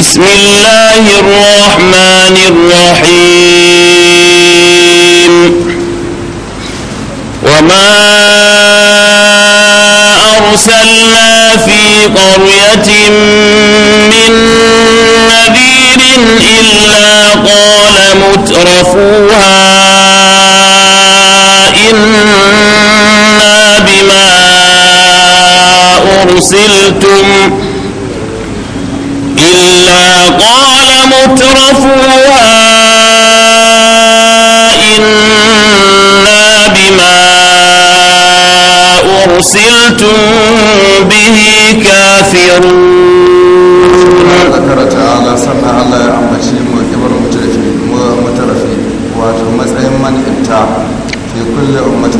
بسم الله الرحمن الرحيم وما أرسلنا في قرية من نذير إلا قال مترفوها إنا بما أرسلتم أفوا إنا بما أرسلتم به كافرون ذكر تعالى سمع الله يعمشي وكبر مترفين ومترفين من في كل أمة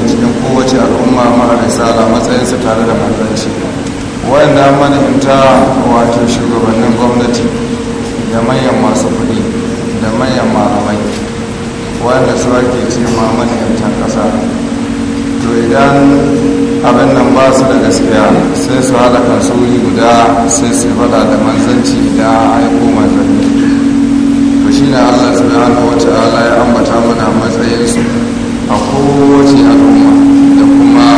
kowace al'umma mara risala matsayinsa tare da manzanci wa'anda manahimta wato shugabannin gwamnati da manyan masu kuɗi manyan malamai wanda su ake ce ma manyantan ƙasa to idan abin nan ba su da gaskiya sai su halaka su wuri guda sai su faɗa da manzanci da aiko manzanni to shi ne allah subhanahu wata ala ya ambata mana matsayinsu a kowace al'umma da kuma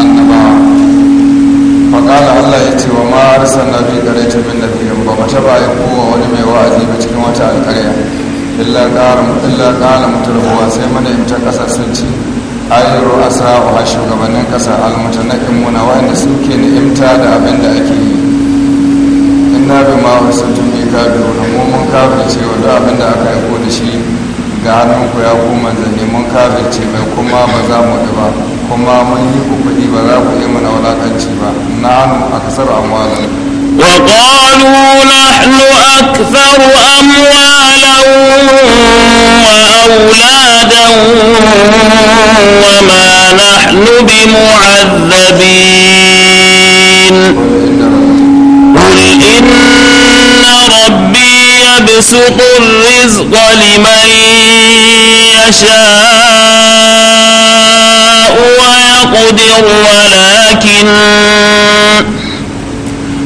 annabawa faƙala allah ya ce wa ma na nabi ƙarai ta min nabiyin ba mace ba ya kowa wani mai wa'azi ba cikin wata alƙarya illa ƙara da mutarhuwa sai mana ƙasar sun ce ayin sa'o a shugabannin ƙasa almutanaqimuna wanda suke ni'imta da abin da ake yi In na bi ma wasaltu bi kafiruna mun kafin cewa da abin da aka yi da shi ga ku ya ku neman mun ce mai kuma ba za mu ba kuma mun yi ku kuɗi ba za ku yi mana wadatanci ba na hannu a kasar amwalin وقالوا نحن أكثر أموالا وأولادا وما نحن بمعذبين قل إن ربي يبسط الرزق لمن يشاء ويقدر ولكن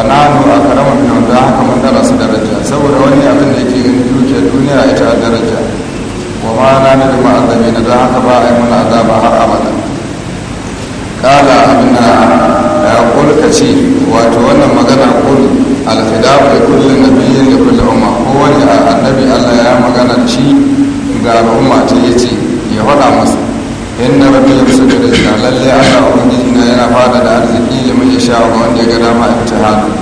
fananu a karamar minan da haka mun dara su daraja saboda wani abin da yake ganin dukiyar duniya ita a daraja wa ma na da ma'azabi na da haka ba a yi mana azaba har abada kala abin na kulka ce wato wannan magana kul alfida da kullum biyu da kullum umma kowane annabi allah ya magana ci shi ga al'umma ta yace ya faɗa masa inna rabbil yusuf rizqa lalle Allah ubangiji na yana fada da arziki da mai sha wanda ya ga dama ibtihadu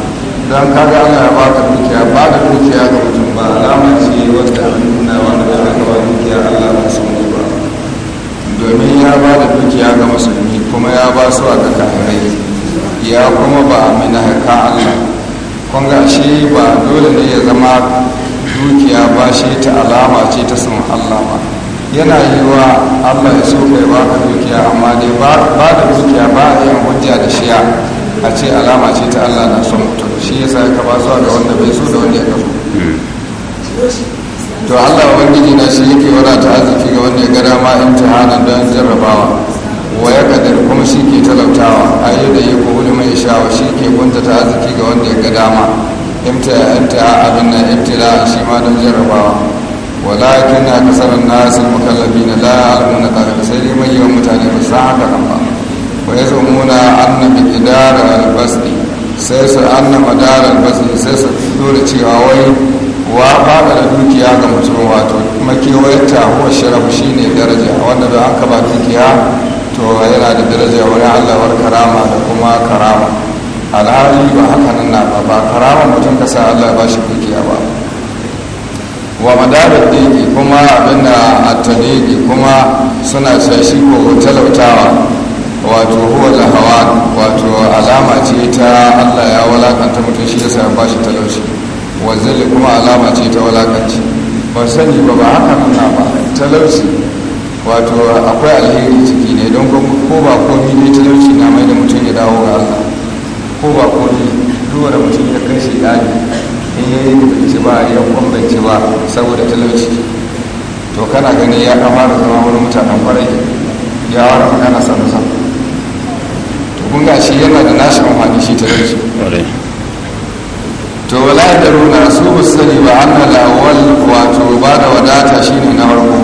dan kaga Allah ya baka dukiya ba da dukiya ga mutum ba alama ce wanda an nuna wanda ya ga dukiya Allah ba su ne ba domin ya ba da dukiya ga musulmi kuma ya ba su a ga kafirai ya kuma ba amina haka Allah kun ga shi ba dole ne ya zama dukiya ba shi ta alama ce ta sun Allah ba yana yiwuwa allah ya so kai ba ka dukiya amma dai ba da dukiya ba a yin hujja da shiya a ce alama ce ta allah na son mutum shi ya sa ka ba zuwa ga wanda bai so da wanda ya kafu to allah wa ubangiji na shi yake wadata arziki ga wanda ya ga dama hana don jarrabawa wa ya kadar kuma shi ke talautawa yi da yi ko wani mai shawa shi ke kunta ta arziki ga wanda ya ga dama imta abin nan imtila shi ma don jarrabawa walakin na kasarar nasu mukallabi na la'arun na da sai dai mai yawan mutane ba san haka nan ba wa ya zo muna annabi idara albasni sai su annaba dara albasni sai su dole cewa wai wa ba da dukiya ga mutum wato makewayarta ko sharafu shine daraja wanda da an kaba dukiya to yana da daraja wurin allawar karama da kuma karama alhali ba haka nan na ba karama mutum kasa allah ba shi dukiya wa madarar ɗiki kuma abin da attaliki kuma suna shashi ko talautawa wato huwa hawa wato alama ce ta allah ya walakanta mutum shi ya sayan bashi talauci wanzali kuma alama ce ta walakanci ba sani ba ba haka nuna ba talauci wato akwai alheri ciki ne don ko ba komi ne talauci na mai da mutum ya dawo ga allah ko ba komi duwara mutum ya kashe gani in ya yi bai ci ba ya kun bai ba saboda talauci to kana gani ya kamata zama wani mutanen kwarai ya wara magana sanu san to kun ga shi yana da nashi amfani shi talauci to wala da daru su ba sani ba an na lawal wato ba da wadata ne na farko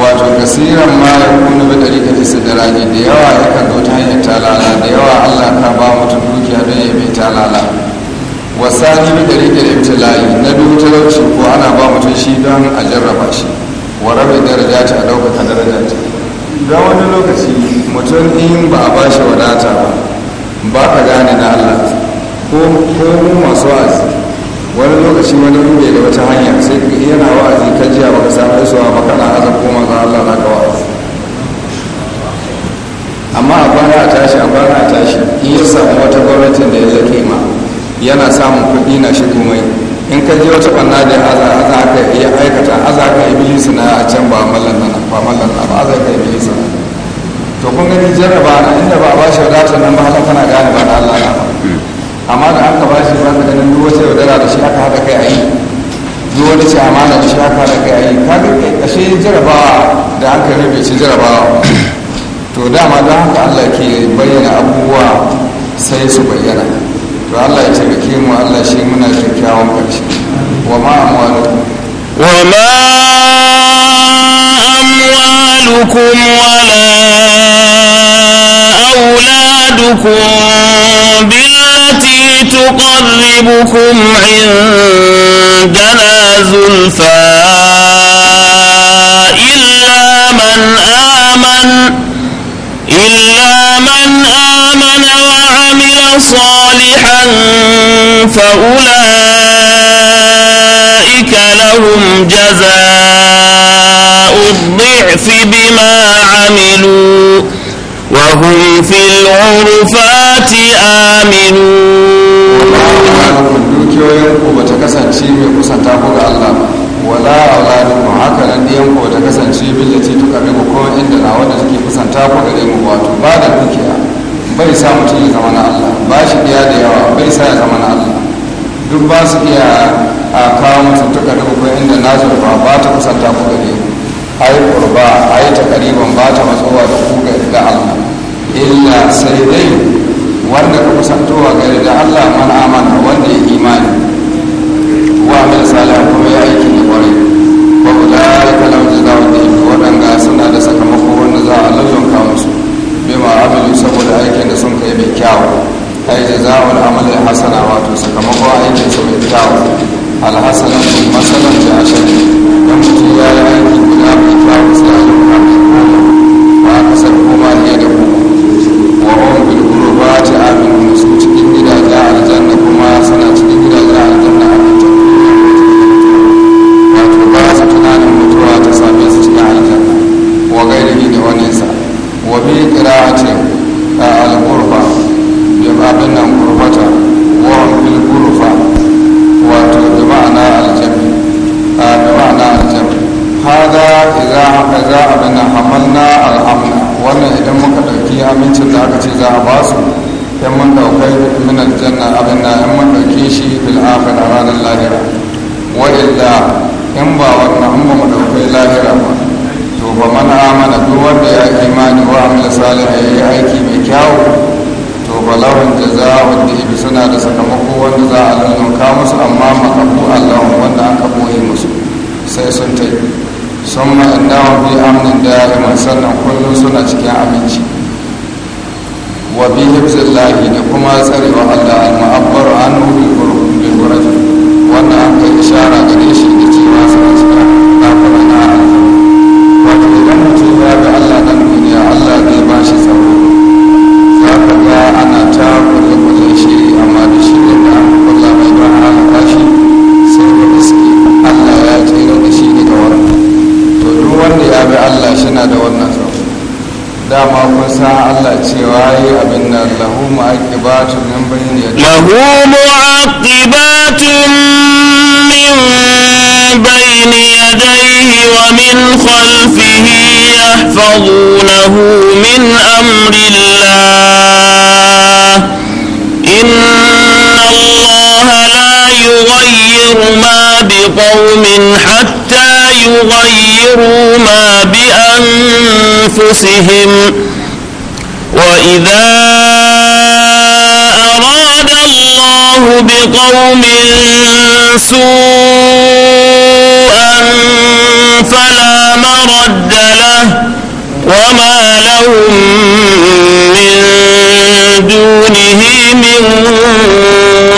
wato kasiran ma ya kuna bi dari da isa da raji da yawa ya kan zo ta hanyar talala da yawa allah ka ba mutum dukiya don ya bai talala wasani bi tariqil ibtilai na biyu talauci ko ana ba mutum shi don a jarraba shi wa rabi daraja ta dauka ta daraja ta da wani lokaci mutum in ba a bashi wadata ba ba ka gane na Allah ko ko masu wa'azi wani lokaci wani bai da wata hanya sai yana wa'azi ka jiya ka samu isuwa ba kana azan ko manzo Allah na ka wa'azi amma a bana a tashi a bana a tashi in ya samu wata gwamnatin da ya zake ma yana samun kuɗi na shi komai in ka je wata ɓanna da aza ka iya aikata aza ka ibilisa na a can ba mallan nan ba mallan nan ba zai ka ibilisa na to kun gani jarraba na inda ba a bashi wadata nan ba haka kana gane ba da Allah na ba amma da aka bashi ba ka ganin duk wata yaudara da shi aka haɗa kai a yi duk wani ce amana da shi aka haɗa kai a yi ka ga ƙashe jarrabawa da aka rabe ci jarrabawa to dama don haka Allah ke bayyana abubuwa sai su bayyana to Allah ya taimake mu Allah shi muna kyakkyawan ƙarshe wa ma amwalukum wa ma amwalukum wala auladukum billati tuqarribukum indana zulfa illa man aman illa man aman صالحا فأولئك لهم جزاء الضعف بما عملوا وهم في العرفات آمنون wala auladukum haka nan diyan ku ta kasance billati tuqarribukum inda na wanda take kusanta ku gare mu wato ba da dukiya bai sa mutum ya zama na Allah ba shi biya da yawa bai sa ya zama na Allah duk ba su iya a kawo mutum tuka da hukun inda na zurfa ba ta kusanta ku gare a yi kurba a yi takariban ba ta matsowa da ku ga Allah illa sai dai wanda ka kusantowa gare da Allah mana amana wanda ya imani wa mai salih kuma ya aiki da kwarai ba ku da ya kalam da za wanda waɗanga suna da sakamako wanda za a lallon musu amilu saboda aikin da sun kai mai kyawu ai jaza'ul amali hasana wato sakamakon aikin sun mai kyawu alhasanan tun masalan da ashe dan mutum ya yi aiki guda mai kyawu sai a yi ba a kasar koma ne da ku wa on bil ba ta aminu su cikin gidajen aljanna kuma suna cikin gidajen aljanna wato ba su tunanin mutuwa ta same su cikin aljanna wa ne da sa. a ce a alburba ghurfa bi abin nan gurbata wa bil ghurfa wato bi ma'ana al-jami bi ma'ana al-jami hada za a bin hamalna al alhamna wannan idan muka ɗauki amincin da aka ce za a basu yan mun ɗaukai min aljanna abin na yan mun ɗauki shi bil a ranar lahira wa illa in ba wannan an ba mu lahira ba to ba mana amana duk wanda ya imani wa amila ya yi aiki mai kyawu to ba da za a jazaa'u ibi suna da sakamako wanda za a lallanka musu amma makafu Allahum wanda aka boye musu sai sun yi sun ma'andawa fi amnin da'iman sannan kullum suna cikin aminci wa bi hibzillahi da kuma tsarewa Allah al-mu'abbaru anhu bil wannan an kai ishara gare shi da cewa suna cikin ga Allah nan duniya Allah bai ba shi tsaro za ka ga ana ta kulle-kullen shiri amma da shi da an kulla mai don halaka shi sai da gaske Allah ya tsira da shi daga wannan to duk wanda ya bi Allah shi na da wannan tsaro dama kun sa Allah cewa yi abin nan lahu mu'aqibatun min bayni yadihi lahu mu'aqibatun من بين يديه ومن خلفه يحفظونه من أمر الله إن الله لا يغير ما بقوم حتى يغيروا ما بأنفسهم وإذا بقوم سوءا فلا مرد له وما لهم من دونه من وال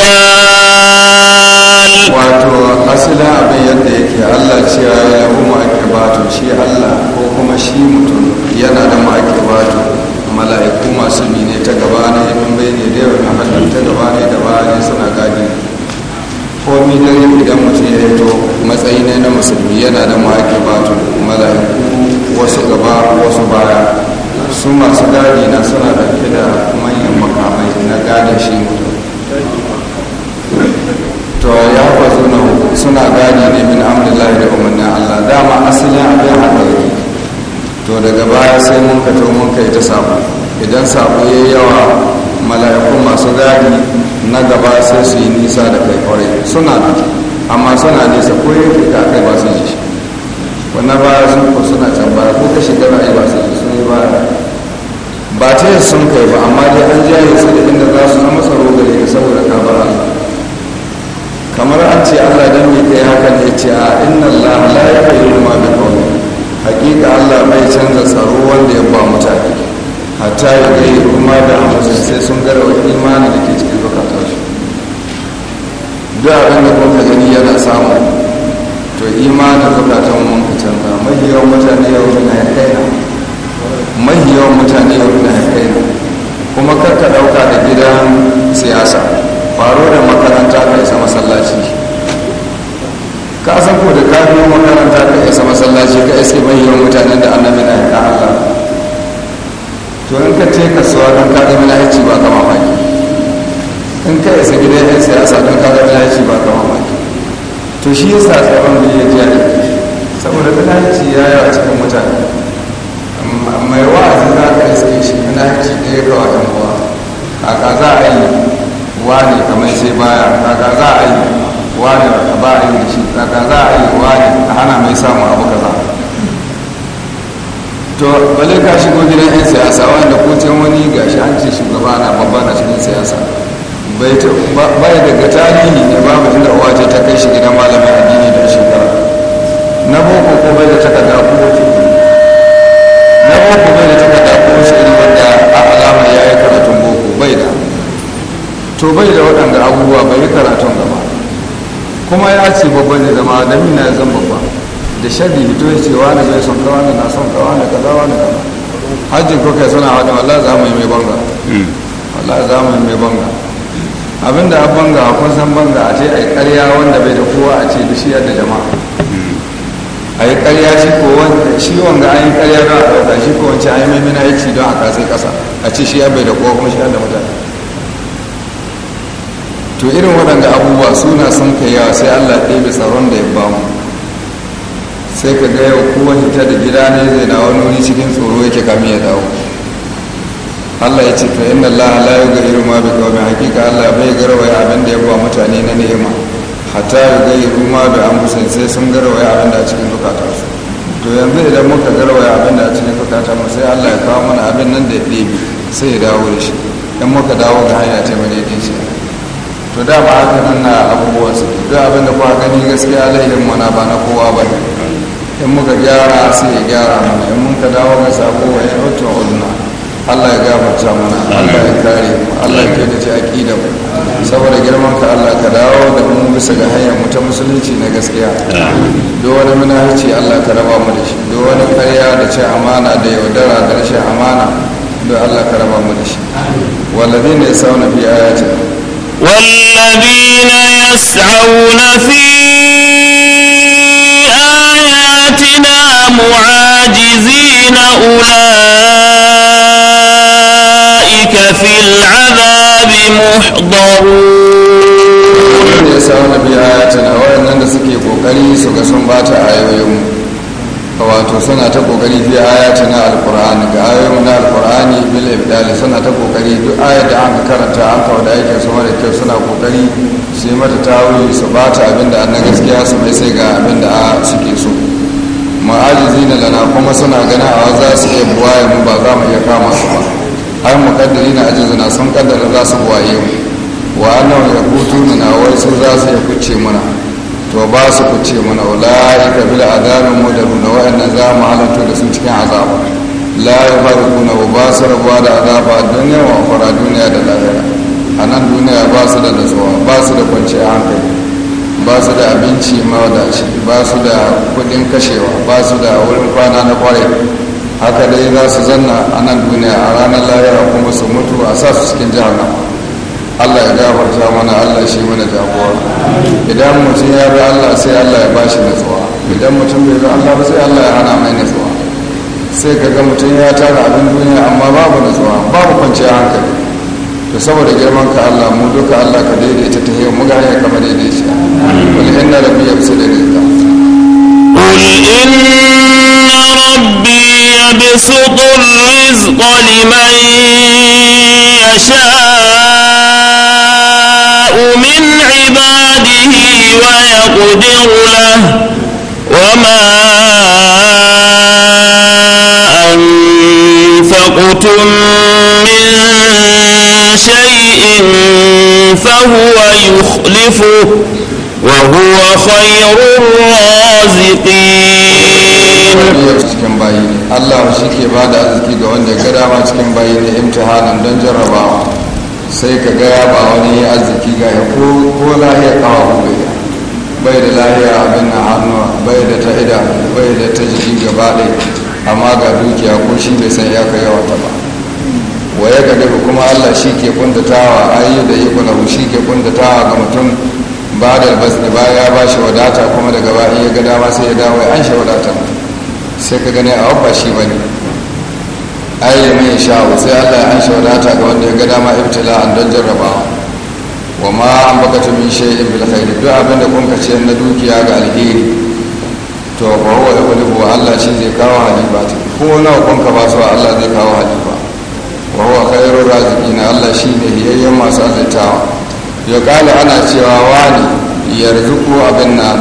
wato asalin abin yadda yake allah cewa ya yi ma'aikabatu shi allah ko kuma shi mutum yana da ma'aikabatu mala'iku masu ne ta gaba ne bai da yau na ta gaba bayan suna gadi komi dare idan mace ya yi to matsayi ne na musulmi yana da mawaƙi batu mala'iku wasu gaba wasu baya su masu gadi na suna ɗauke da manyan makamai na gadin shi to ya fazo na suna gadi ne min amrillahi da umarnin allah dama asalin abin haɗa to daga baya sai mun kato mun kai ta sabo idan sabo ya yawa mala'ikun masu gadi na gaba sai su yi nisa da kai kwarai suna shi, amma suna nesa ko da ka kai ba su ji shi wani ba sun ko suna can ba ko ka shiga ra'ayi ba su ji sun yi ba ba ta yi sun kai ba amma dai an jaye su da inda za su zama tsaro gare ka saboda ka bar Allah kamar an ce Allah dan mai kai hakan ya ce a inna Allah la yi ma da kawai hakika Allah bai canza tsaro wanda ya ba mutane hatta da yi kuma da amsa sai sun wa imanin da ke cikin zukatan su duk abin da kuma gani yana samu to imanin zukatan mun ka canza mahiyar mutane yau na ya kai na mahiyar mutane yau na ya kai na kuma karka dauka da gidan siyasa faro da makaranta ka isa masallaci ka san ko da kafin makaranta ka isa masallaci ka iske mahiyar mutanen da annabi na ya ka Allah to ka ce kasuwa don ka zama lahici ba ka mamaki in ka isa gidan yan siyasa don ka zama lahici ba ka mamaki to shi yasa tsaron da ya jiya da saboda lahici ya yawa cikin mutane mai wa'azi za ka iske shi lahici da ya kawo yan uwa kaka za a yi wani kamar sai baya kaka za a yi wani ba a yi da shi kaka za a yi wani a hana mai samun abu kaza to bale ka shigo gidan 'yan siyasa wanda kotun wani gashi an ce shugaba na babba na cikin siyasa bai daga tarihi ne ba mu uwa waje ta kai shi gidan malamin addini don shekara na boko ko bai da takarda ko wace na boko bai da takarda ko wace iri wanda a alama ya yi karatun boko bai da to bai da waɗanda abubuwa bai yi karatun gaba kuma ya ce babban ne zama da mina zan babban da sharri fito ya ce wani zai son kawa na son kawa da kaza wani kama. hajjin ko kai suna wani wala za mu yi mai banga wallahi za mu yi mai banga hmm. abinda a banga a kun san banga a ce a yi karya wanda bai da kowa a ce bishiyar da jama'a hmm. a yi karya shi ko wanda shi wanga an yi karya don a ɗauka shi ko wancan an yi mai mina yaki don a kasa ƙasa a ce shi ya bai da kowa kuma shi da mutane to irin waɗanda abubuwa suna sun kai yawa sai allah ɗebe tsaron da ya bamu sai ka ga yau kowa hita da gida ne zai na wani wuri cikin tsoro yake kami ya dawo Allah ya ce fa inna Allah ga irin ma bi qawmin hakika Allah bai ya abin da ya buwa mutane na ni'ima ga yughayyiru ma an kusan sai sun ya abin da a cikin su. to yanzu idan muka ya abin da a cikin mu sai Allah ya kawo mana abin nan da ya ɗebe sai ya dawo da shi in muka dawo ga hanya ta mai daidai shi to da ba haka nan na abubuwan su duk abin da kuka gani gaskiya alayhin mana ba na kowa ba ne in muka gyara sai ya gyara mana in muka dawo mai sabo wa ya rutu ulna Allah ya gafarta mana Allah ya kare mu Allah ya kai ci aqida mu saboda girman ka Allah ka dawo da mu bisa ga hanyar mu ta musulunci na gaskiya duk wani munafici Allah ka raba mu da shi duk wani karya da ce amana da yaudara da rashin amana duk Allah ka raba mu da shi walladina yasawna fi ayatina والذين يسعون في ربنا معاجزين أولئك في العذاب محضرون wato suna ta kokari fi ayati na alkur'ani ga ayoyin na alkur'ani bil ibdali suna ta kokari duk ayat da an karanta an kawo da aikin su mara kyau suna kokari su yi mata tawuri su bata abinda an na gaskiya su mai sai ga abinda a suke so ma'ajizi na lana kuma suna gana a za su iya buwaye mu ba za mu iya kama su ba har mukaddari na na sun kaddara za su buwaye mu wa annan ya kutu na wai sun za su iya kuce mana to ba su kuce mana wala ka a adabin mu da na wa'annan za mu halatto da sun cikin azaba la ya faru kuna ba su rabuwa da azaba a duniya wa fara duniya da lahira a nan duniya ba su da nutsuwa ba su da kwanciyar hankali ba su da abinci mawadaci ba su da kudin kashewa ba su da wurin kwana na kwarai haka dai za su zanna a nan duniya a ranar lahira kuma su mutu a sa su cikin jihar allah ya gafarta mana allah shi mana jagora idan mutum ya bi allah sai allah ya bashi natsuwa idan mutum bai bi allah ba sai allah ya hana mai natsuwa sai ka ga mutum ya tara abin duniya amma babu natsuwa babu kwanciyar hankali to saboda girman ka Allah mu duka Allah ka daidaita ta yau muga hanya kamar daidai shi wal inna rabbi yabsutu rizqa qul inna rabbi yabsutu rizqa liman yasha'u min ibadihi wa yaqdiru lahu وما أنفقتم شيء فهو يخلفه وهو خير الرازقين cikin bayi Allah shi ke bada da arziki ga wanda ya dama cikin bayi da imtihanin don jarrabawa sai ka gaya ba wani aziki ga ya ko lahiya kawo gaya bai da lahiya abin na hannu bai da ta ida bai da ta gaba ɗaya amma ga dukiya ko shi bai san ya kai yawa ba wa ya gani kuma allah shi ke kundatawa ayi da iko na shi ke kundatawa ga mutum ba da albasni ba ya ba shi wadata kuma daga ba iya ga dama sai ya dawo an shi wadata sai ka gani a wabba shi ba ne ayi mai sha'u sai allah ya an shi wadata ga wanda ya ga dama an don jarrabawa wa ma an baka tumi min shay'in bil khairi duk abinda kun kace na dukiya ga alheri to ba huwa yaqulu Allah shi zai kawo halifa ko nawa kun ka ba su Allah zai kawo halifa wa huwa khairur raziqina Allah shine yayyen masu azaitawa ya kala ana cewa wani yarzuku abin nan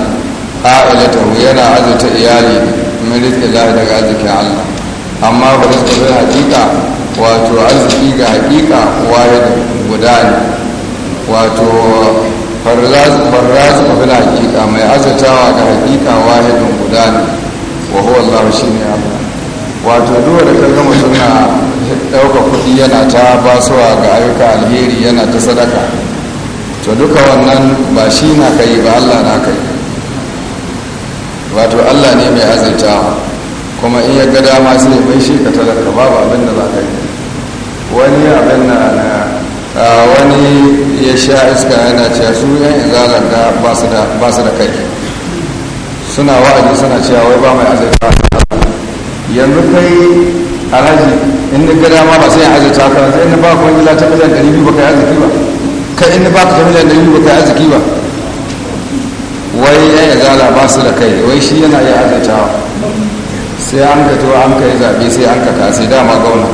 a'ilatahu yana azuta iyali min rizqillah daga arzikin Allah amma ba rizqi bil hakika? wato arziki ga haqiqa wahid guda ne wato farrazu na hakika mai azatawa ga haqiqa wahidun guda ne wa huwa Allah shine Allah wato duwa da kargama suna ɗauka kuɗi yana ta basuwa ga ayyuka alheri yana ta sadaka to duka wannan ba shi na kai ba allah na kai wato allah ne mai azaita kuma in ya ga dama ne bai shi ka talaka babu abin da za ka yi wani abin na wani ya sha iska yana cewa su yan izalar da ba su da kai suna wa'adi suna cewa wai ba mai azaita yanzu kai alhaji in ni gada ma ba sai ya aje takara sai in ba ku wani ta miliyan ɗari biyu ba kai arziki ba kai in ni ba ka ta miliyan ɗari biyu ba kai arziki ba wai ya yi zala ba su da kai wai shi yana yi azaitawa sai an ka to an ka yi zaɓe sai an ka kase dama gauna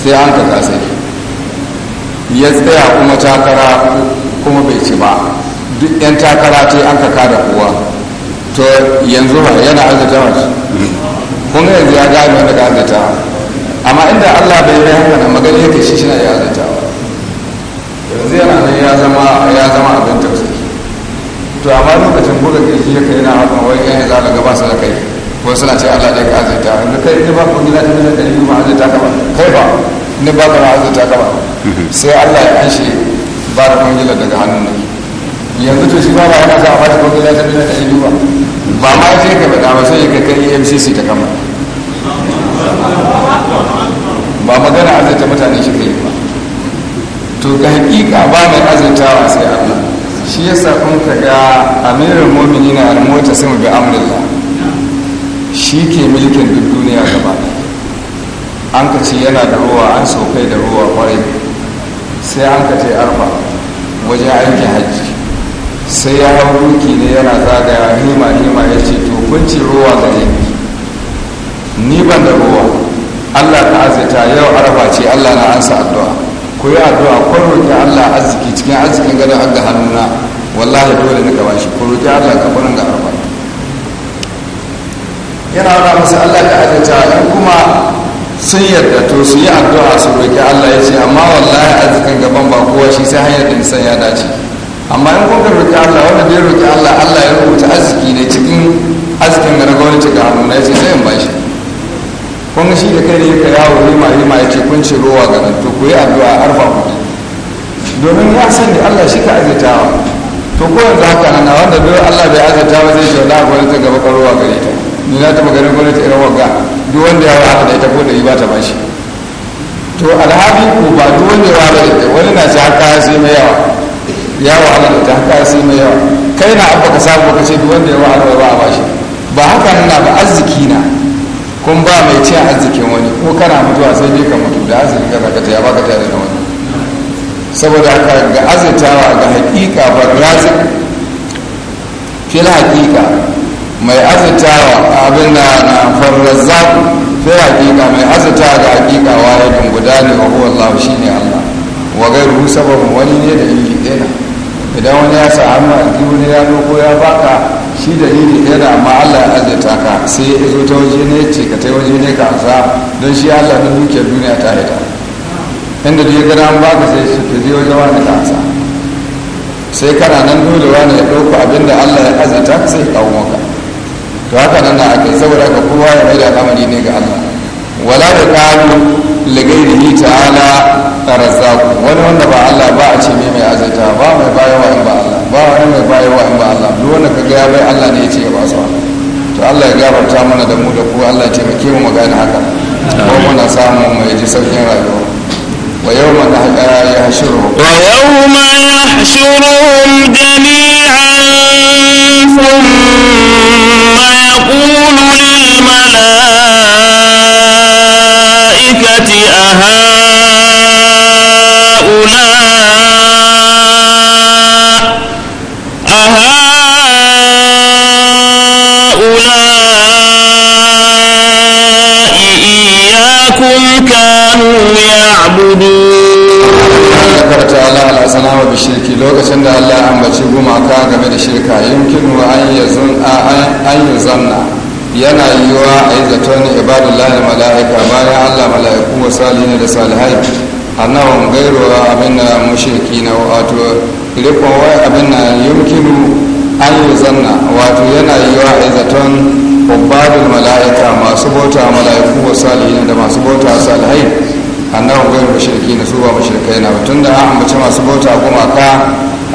sai an ka kase ya tsaya kuma takara kuma bai ci ba duk 'yan takara ce an ka kada kowa to yanzu ba yana azaitawa kun yanzu ya gane wanda ga azata amma inda allah bai yi haka na magana yake shi shi na ya azata yanzu yana nan ya zama ya zama abin tausayi to amma lokacin buga kirji ya kai na hakan wai yan yanzu aka gaba da kai ko suna ce allah ɗaya ka azata da kai ni ba ku gina ta miliyan ɗari kuma azata ka ba kai ba ni ba ka azata ka ba sai allah ya kanshi shi ba da kwangilar daga hannun na yanzu to shi ba ba yana za a shi kwangilar ta miliyan ɗari ba ba ma ce ka faɗa ba sai ka kai emcc ta kama ba magana azurta mutane shi kai ba to ga hakika ba mai azurtawa sai allah shi ya kun ka ga amirin momini na almota sun bi amurilla shi ke milkin duk duniya gaba an ka ce yana da ruwa an saukai da ruwa kwarai sai an ka ce arba. wajen aikin hajji sai ya hau duki ne yana zagaya hima hima ya ce to ruwa ce ruwa gare ni ban da ruwa allah ka azita yau araba ce allah na ansa addu'a ku yi addu'a ko roƙi allah arziki cikin arzikin gadon aga hannuna wallahi dole na gaba shi ku roƙi allah ka kunan ga araba yana wada musu allah ka arzita in kuma sun yarda to su yi addu'a su roƙi allah ya ce amma wallahi arzikin gaban ba kowa shi sai hanyar da nisan ya dace amma in kun roƙi allah wanda bai roƙi allah allah ya rubuta arziki ne cikin arzikin ga gwamnati ga hannuna na ya ce sai in bashi kun shi da kai ne yake yawo rima rima ya ce kun ce rowa ga to ku yi addu'a arfa ku domin ya san da Allah shi ka azitawa to ko yanzu haka na wanda bai Allah bai azitawa zai ce wallahi ta gaba ka gare ta ni na taba ganin ta irin wagga duk wanda ya wa haka da ita ko da ba ta bashi to alhabi ko ba duk wanda ya wa da ita wani na ci haka sai mai yawa wa Allah da ta haka sai mai yawa kai na abba ka samu ka ce duk wanda ya wa da ba a bashi ba haka nan ba arziki na kun ba mai cin arzikin wani ko kana mutuwa sai dai ka mutu da arzikin ka zaka taya baka tare da wani saboda haka ga azurtawa ga hakika bar razik fil hakika mai azurtawa abin na na farrazak fil hakika mai azurtawa ga hakika wahidin guda ne wa huwa Allah shine Allah wa ruhu sababin wani ne da yake dena idan wani ya sa amma wani ya doko ya baka shi dalili yana ma Allah ya ta ka sai ya zo ta waje ne ce ka ta waje ne ka ansa don shi Allah na dukiyar duniya ta haita inda duk ya gada an ka sai su ka je waje wani ka ansa sai kana nan dole wani ya ɗauko abinda Allah ya azaita ka sai ya kawo maka to haka nan na ake saboda ka kowa ya mai da kamar ne ga Allah wala da ƙaru ni ta'ala razzaqu wani wanda ba Allah ba a ce mai mai azaita ba mai bayarwa in ba Allah ba wani mai bayarwa in ba Allah duk wanda kaga ya bai Allah ne ya ce ya ba su to Allah ya gafarta mana da mu da ku Allah ya taimake mu magana haka ko muna samu mai ji saukin rayuwa wa yawma yahshuruhum wa yawma yahshuruhum jami'an thumma yaqulu lil malaa'ikati أهؤلاء أهؤلاء إياكم كانوا يعبدون ذكرت على صناعة بالشرك لو كان الله أنبتشي بما كان قبل الشركة يمكن أن يظن yana yiwuwa a yi zaton ibadullahi mala'ika bayan allah mala'iku wa salihina da salihai annahum gairuwa abin da mushriki na wato rikon wai abin na yankinu an yi zanna wato yana yiwuwa a yi zaton ubadul mala'ika masu bauta mala'iku wa salihina da masu bauta salihai annahum gairu mushriki na su ba mushrikai na tun da an ambaci masu bauta kuma ka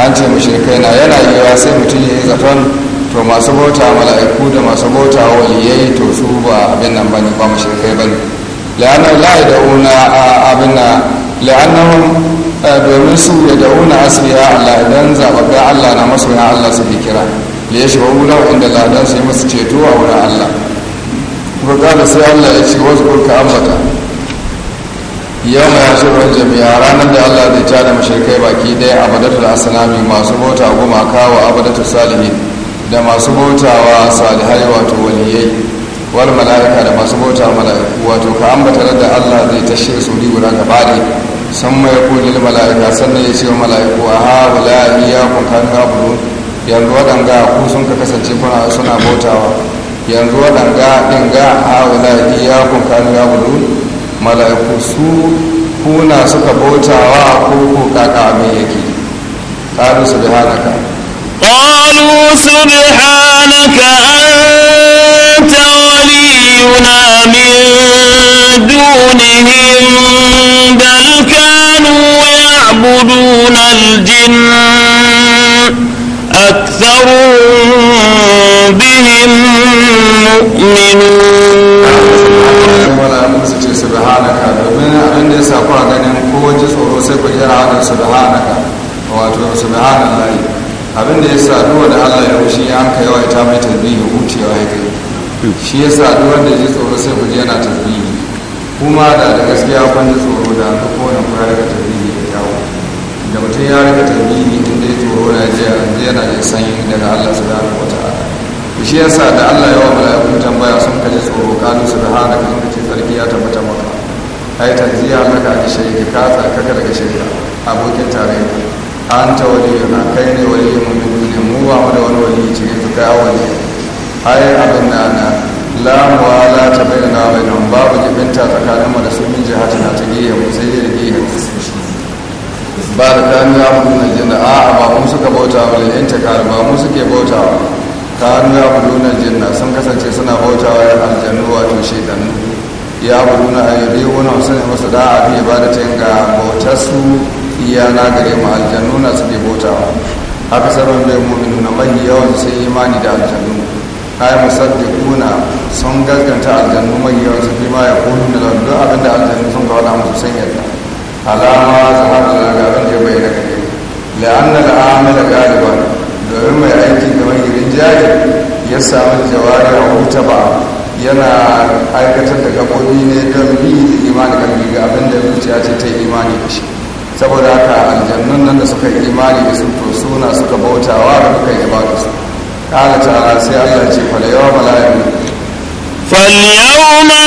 an ce mushrikai na yana yiwuwa sai mutum ya yi zaton to masu bauta mala'iku da masu bauta waliyai to su ba abin nan bane ba mushrikai bane la'anna la yad'una abin nan la'annahum domin su yad'una asbiya Allah idan zababbe Allah na masoyan Allah su bi kira da ya shiga wula inda ladan su yi masu ceto a wurin Allah da sai Allah ya ce wasu kurka ambata yau mai ya shirin jami'a ranar da Allah zai tada mashirkai baki daya a da asanami masu mota goma kawo abadatu salihin da masu bautawa salihai wato waliyai wal mala'ika da masu bautawa mala'iku wato ka ambata da Allah zai su sauri guda gaba da san mai kulil mala'ika sannan ya ce wa mala'iku a ha wala iya ku kan gabu yanzu waɗanga ku sun ka kasance kuna suna bautawa yanzu waɗanga ɗin ga ha wala iya ku kan gabu mala'iku su kuna suka bautawa ko ko kaka abin yake ƙaru su da halaka قالوا سبحانك أنت ولينا من دونهم بل كانوا يعبدون الجن أكثر بهم مؤمنون سبحانك سبحانك سبحانك سبحانك abin da ya sa duwa da allah ya rushe ya hanka yawa ta mai tasbihi hucewa ya kai shi ya sa duwa da ji tsoro sai ku yana tasbihi kuma da da gaskiya ban tsoro da an kuma kwaya kuma rika tasbihi da kyawu da mutum ya rika tasbihi inda ya tsoro na jiya yana da sanyi daga allah su dana wata ala shi ya sa da allah yawa mala'ikun tambaya sun kaji tsoro kanu su da hana kan ce sarki ya tabbata maka yi tanziya maka a shirka ka tsarkaka daga shirka abokin tarayya an ta waliyuna kai ne waliyin mu min ne, mu ba mu da wani waliyi cikin su kai awali ai abin na na la muwala ta bayyana nan, babu jibinta tsakanin mu da su min jihati na ta giya mu sai da giya ba da kanu ya mu nuna jinna a'a ba mu suka bauta wa lalin ta kare ba mu suke bauta wa kanu ya mu nuna jinna sun kasance suna bauta wa aljannu wato shaidannu ya mu nuna ayyubi wani wasu ne masu da'a bi ba da ta yin ga bautar su iyana gare mu aljannu na suke bautawa haka sarar da mu na mahi yawan sun imani da aljannu ai musaddiquna sun gaskanta aljannu mai yawan su ma ya kunu da duk abinda aljannu sun ga wala musu sun yarda alama za a da ga abin da bai daga ne la'anna al'amal galiban domin mai aiki da mai girin jari ya samu jawari a huta ba yana aikatar da gaboni ne don bi da imani ga abin da zuciya ce ta imani da shi saboda haka aljannun nan da suka yi imani da sun to suna suka bautawa da suka yi ibada su kala ta'ala sai Allah ce fa yawma la yamliku فاليوم لا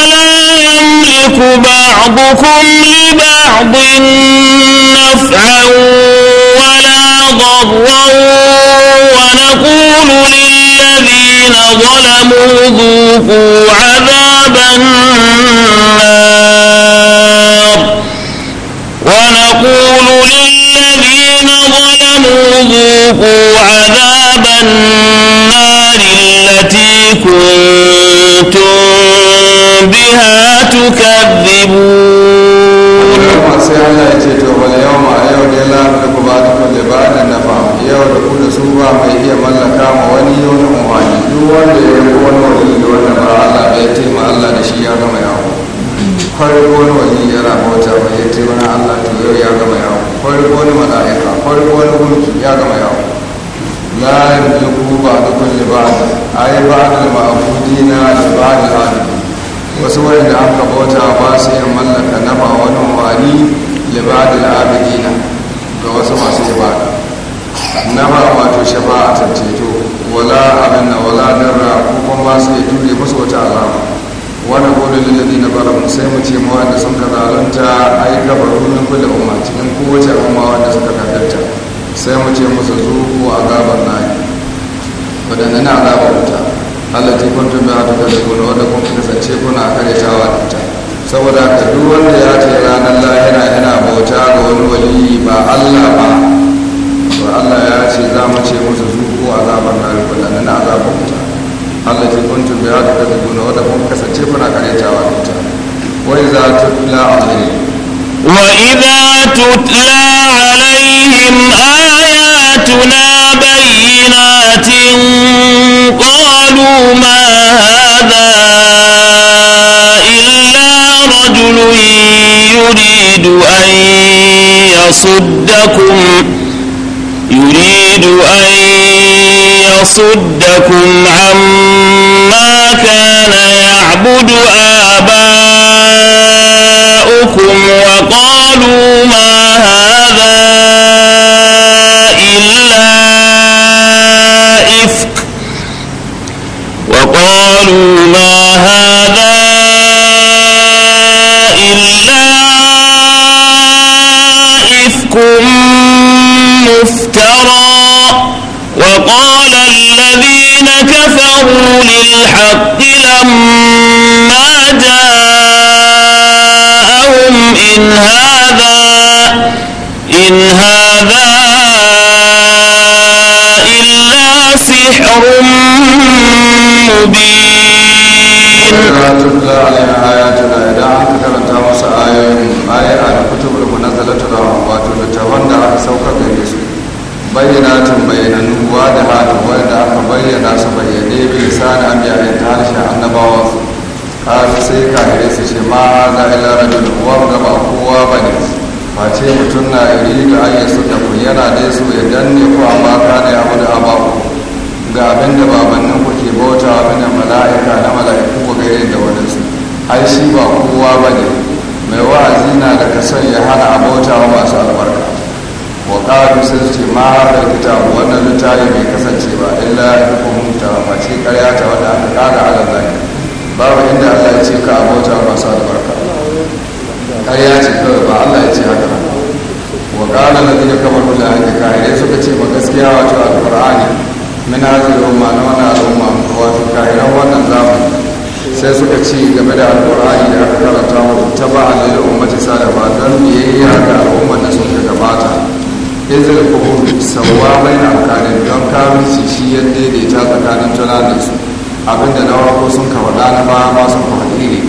يملك بعضكم لبعض نفعا ولا ضرا ونقول للذين ظلموا ذوقوا عذاب النار ونقول للذين ظلموا ذوقوا عذاب النار التي كنتم بها تكذبون yau da ku da mai iya mallaka ma wani yau na wani. duk wanda ya yi wani wani da wanda ba Allah bai taimaka Allah da shi ya gama farko wani wani yana wata mai ya wani allah to yau ya gama yawo farko wani mala'ika farko wani gunki ya gama yawo la yamliku ba da kulli ba ai ba da ma'budina da ba da hadu wasu wanda aka bauta ba su yin mallaka na ba wani wani libadil abidina ga wasu masu ibada na ba wato shafa'a tatteto wala abin na wala darra ko kuma ba su iya jure musu wata alama wani da lullabi na balamu sai mu ce da sun ka zalunta a yi gabarun min kula umma cikin kowace umma wanda suka kafirta sai mu ce musu zuku a gabar yi waɗanda na gabar wuta allah ta kwanta biya ta kashe kuna wadda kun kasance kuna karyatawa da ta saboda ka duk wanda ya ce ranar lahira yana bauta ga wani wali ba allah ba to allah ya ce za mu ce musu zuku a gabar yi waɗanda na gabar wuta Allah ce kuntum bi hada da zuna wanda kun kasance kuna karetawa da ita wa iza tutla alaihim wa iza tutla alaihim ayatuna bayyinatin qalu ma hadha illa rajulun yuridu an yasuddakum yuridu an يصدكم عما كان يعبد آه للحق لما جاءهم إن هذا إن هذا إلا سحر مبين bayyanatun bayyanannu wa da halin wanda aka bayyana su bayyane bai sani an biya ta harshen annabawan su kasu sai kahirai su ce ma za a lara da wanga ba kowa ba ne face mutum na iri da ayyar su da yana dai su ya danne ko amma ka da abu da abaku ga abin da babannin ku ke bauta abin da mala'ika na mala'iku ku ga da wadansu ai shi ba kowa ba ne mai wa'azi na da kasan ya hana a bauta wa masu albarka ƙalu sun ce ma hada fita wannan littafi bai kasance ba illa da hukunta face karya ta wadda aka ƙara ala zaki babu inda allah ya ce ka abota masu albarka karya ce kawai ba allah ya ce haka ba wa ƙala na zai kamar da haka kahirai suka ce ba gaskiya wato alƙur'ani min hazin umma na wani al'umma wato kahiran wannan zamani sai suka ci game da al'urani da aka karanta wa ta ba a lalin ummati salafa don biyayya ga al'ummar da suka gabata zai izir kuhur sauwa bai na amfani don kawunci shi ya daidaita tsakanin tunanin su abinda na wako sun ka faɗa na ba ma sun ka ne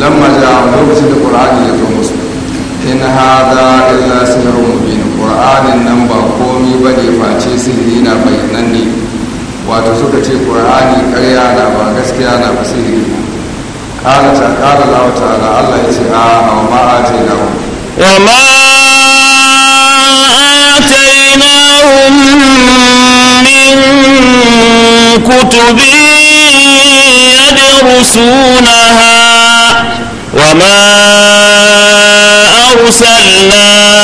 lamma ja lokacin da ƙur'ani ya zo musu in hada illa sihirun mubin ƙur'anin nan ba komi ba ne face sihiri na nan ne wato suka ce ƙur'ani ƙarya na ba gaskiya na ba sihiri allah ya ce a ma'a ce وما ya ma'a من كتب يدرسونها وما أرسلنا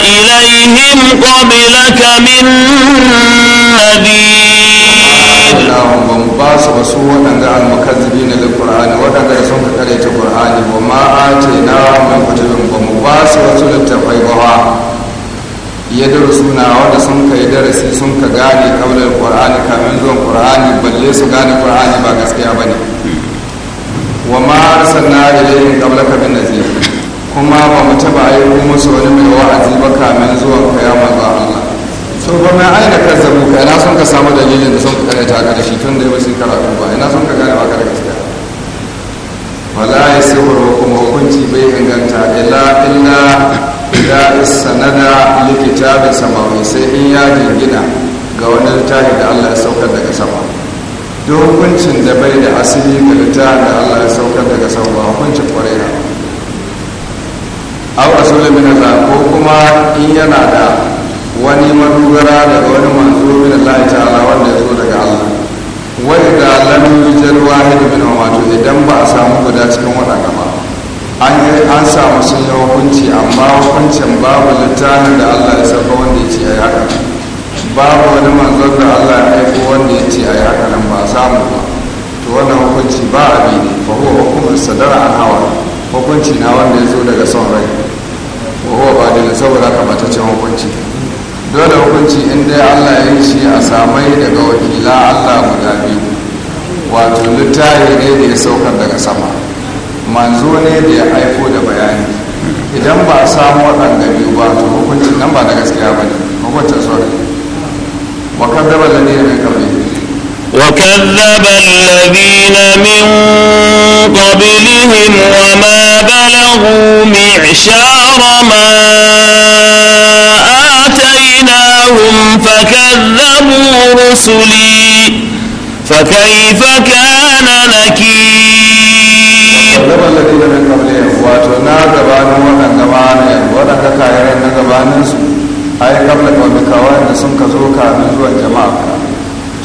إليهم قبلك من نذير وسوءنا عند المكذبين للقران وذاك يسوق كريت القران وما اتيناهم من كتب ومباس وسوء التفريغها ya darusuna wanda sun ka yi darasi sun ka gane kaular qur'ani kamin zuwan qur'ani balle su gane qur'ani ba gaskiya ba ne. wa ma arsalna ilayhim qablaka min nazir kuma ba mu taba aiko musu wani mai wa'azi ba kamin zuwan ka ya Allah so ba mai aina kazzabu ka ina sun ka samu dalilin da sun ka karanta ka da shi tun da ba su karatu ba ina sun ka gane ba ka da gaskiya wala wa kuma hukunci bai inganta illa illa illa sanada likita da samawi sai in ya jingina ga wani littafi da Allah ya saukar daga sama dokuncin da bai da asali ga littafin da Allah ya saukar daga sama ba hukuncin kwarai na aw rasulun min Allah ko kuma in yana da wani madogara daga wani manzo min Allah ala wanda ya zo daga Allah wanda lam yujal wahid min wato idan ba a samu guda cikin wadannan an samu sun yi hukunci amma hukuncin babu littafin da allah ya saba wanda ya ce a haka babu wani manzon da allah ya aiko wanda ya ce a haka nan ba samu ba to wannan hukunci ba a bi ne ba huwa hukumar sadara an hawa hukunci na wanda ya zo daga son rai ba huwa ba da saboda ka ba ce hukunci dole hukunci in dai allah ya yi shi a samai daga wakila allah guda biyu wato littafi ne da ya saukar daga sama manzo ne da ya haifo da bayani idan ba a samu waɗanda biyu ba to hukuncin nan ba na gaskiya ba ne hukuncin sauran wa kaddaba ladina min qablihi وكذب الذين من قبلهم وما بلغوا معشار ما آتيناهم فكذبوا رسلي فكيف كان نكير zaman da kuma min kamle wato na gabanin waɗanda ma'ana waɗanda kayaran na gabanin su ai kamle kamle kawai da sun ka zo kamin zuwan jama'a ka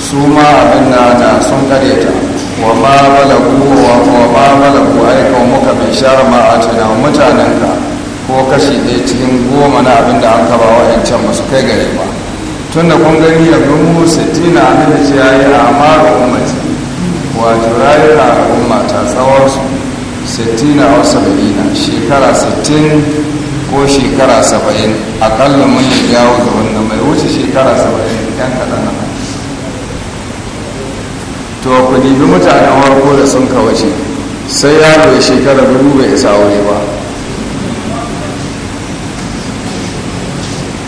su ma abin na na sun kareta wa ma balagu wa ma balagu ai kawo muka bin a ma'atina mutanen ka ko kashi ɗaya cikin goma na abin da an kaba wa'ancan ba su kai gare ba tun da kun gani yanzu mu sittina annabi ce ya yi a mara ummati wato rayuka al'umma ta tsawon su sittina wa saba'ina shekara sittin ko shekara saba'in aƙalla mun yi yawo ga wannan mai wuce shekara saba'in yan kaɗan nan to ku ɗibi mutanen warko da sun kawace sai ya ya shekara dubu bai isa aure ba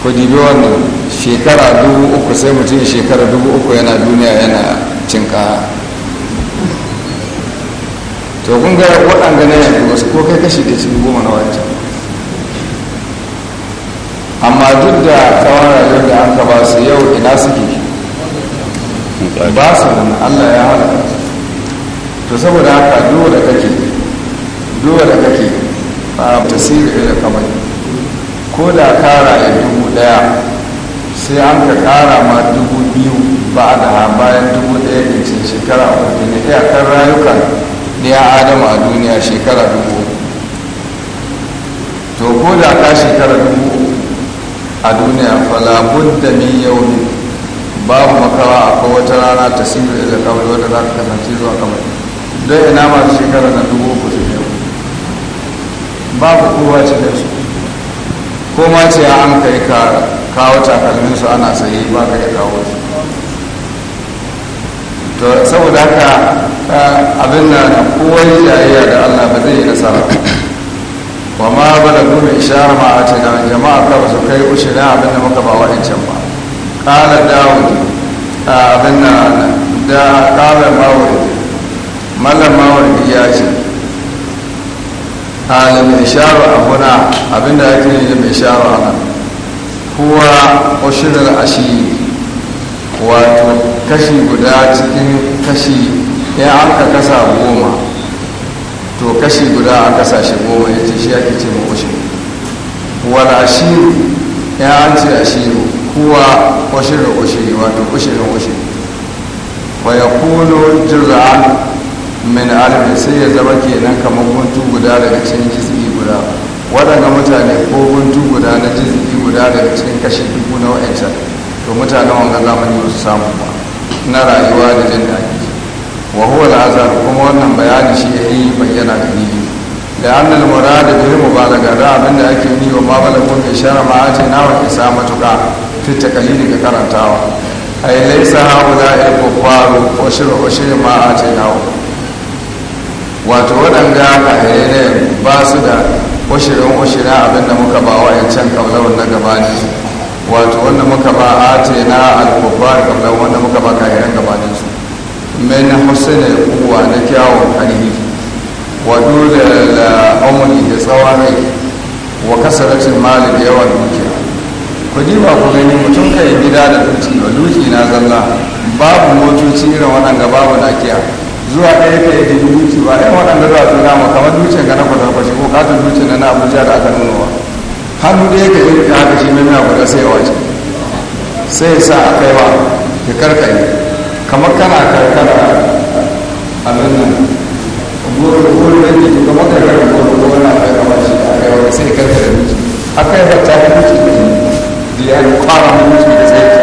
ku dibi wannan shekara dubu uku sai mutum shekara dubu uku yana duniya yana cin kaya to kun ga waɗanda na yanzu wasu ko kai kashi da cikin goma na wancan amma duk da tsawon rayuwar da an ba su yau ina suke ba su nan allah ya hana to saboda haka duwa da kake duwa da kake a tasiri da kamar ko da kara ya dubu daya sai an ka kara ma dubu biyu ba da bayan dubu daya ne shekara a wakilin iyakar rayuka ɗaya adamu a duniya shekara dubu to ko da ka shekara dubu a duniya falabun da yau ne, babu makawa akwai wata rana ta sirri da kawai wadda za ka kasance zuwa kamar don ina masu shekara na dubu ku su yau babu kowa da su ko ma ce an kai ka kawo takalminsu ana sayi ba ka ya kawo su to saboda haka abin nan kowa jayayya da allah ba zai yi nasara ba. ma bala kuma ishara ma a ce na jama'a ka ba su kai ushe na abin da muka ba can ba kala dawud abin nan da kala mawar mallam mawar ya ce alimin ishara a kuna abin da ya yi da mai ishara a nan kowa ushirar ashiri wato kashi guda cikin kashi ya aka kasa goma to kashi guda a kasashe goma ya ce shi ake ce ma ushe wala ashiru ya an ce ashiru kuwa da ushiri wato da ushiri wa ya kulo jira'an min alibi sai ya zama kenan kamar guntu guda daga cikin jizgi guda wadanda mutane ko guntu guda na jizgi guda daga cikin kashi dubu na wa'ancan to mutanen wanga zamani ba su samu ba na rayuwa da jin daɗi wa huwa al kuma wannan bayani shi ya yi bayyana da ni da annal murad bil mubalaga da abinda ake yi wa mabalagu mai shara ma ma'ati na wa isa matuka fi takalili ga karantawa ay laysa haula al kuffaru wa shara wa ma ma'ati na wato waɗanda kahire ba su da washirin washira abinda muka ba wa yancan kaulawar na gabani wato wanda muka ba a ce na alkubar gaba wanda muka ba kayan gabanin su mai na hussain kuwa na kyawun ƙarfi wato da la'amuni da tsawon rai wa kasaracin mali da yawan dukiya ji ba ku gani mutum kai gida da duki ba duki na zalla babu motoci irin ba na kiya zuwa ɗaya ka yi duki ba ɗaya waɗanda za su nama kamar dutsen ga na kwatar kwashi ko katon dutsen na abuja da aka ba. hannu da yake yin ka haka shi mai na guda sai ya wace sai ya sa a kaiwa ya karkare kamar kana karkara a nan gori gori da ke tuka maka yi gori gori wani kai kamar shi a kaiwa sai ya karkare miki a kai ba ta yi miki da ya yi kwara na miki da sai ya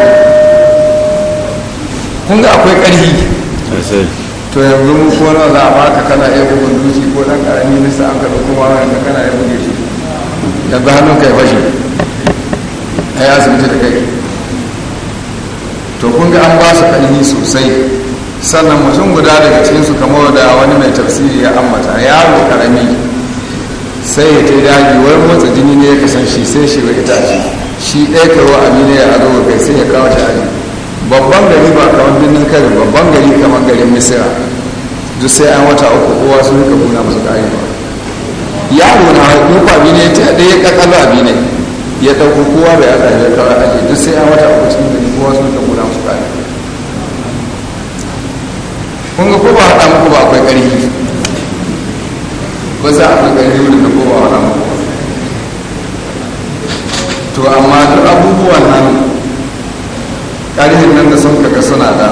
kun ga akwai ƙarfi to yanzu mu ko na za a baka kana iya bugun duki ko ɗan ƙarami nisa an ka kuma wani wanda kana iya buge shi ka hannun ka ya fashe a yi asibiti da kai to kun ga an ba su sosai sannan mutum guda daga cikinsu kamar da wani mai tafsiri ya ambata yaro karami sai ya ce daji wani motsa jini ne ya kasan shi sai shi wa itace shi ɗaya a amina ya aro kai sai ya kawo ta babban gari ba kamar birnin kari babban gari kamar garin misira duk sai an wata uku kowa sun rika kuna musu ƙari ba yaro na nufa bi ne ta ɗaya kakalo bi ne ya ɗauko kowa bai haɗa ya kawo aje duk sai an wata a cikin gari kowa sun ɗauko na kuka ne kun ga ko ba haɗa muku ba akwai ƙarfi ba za a akwai ƙarfi wanda ko ba haɗa muku to amma duk abubuwan nan ƙarfin nan da sun kaka suna da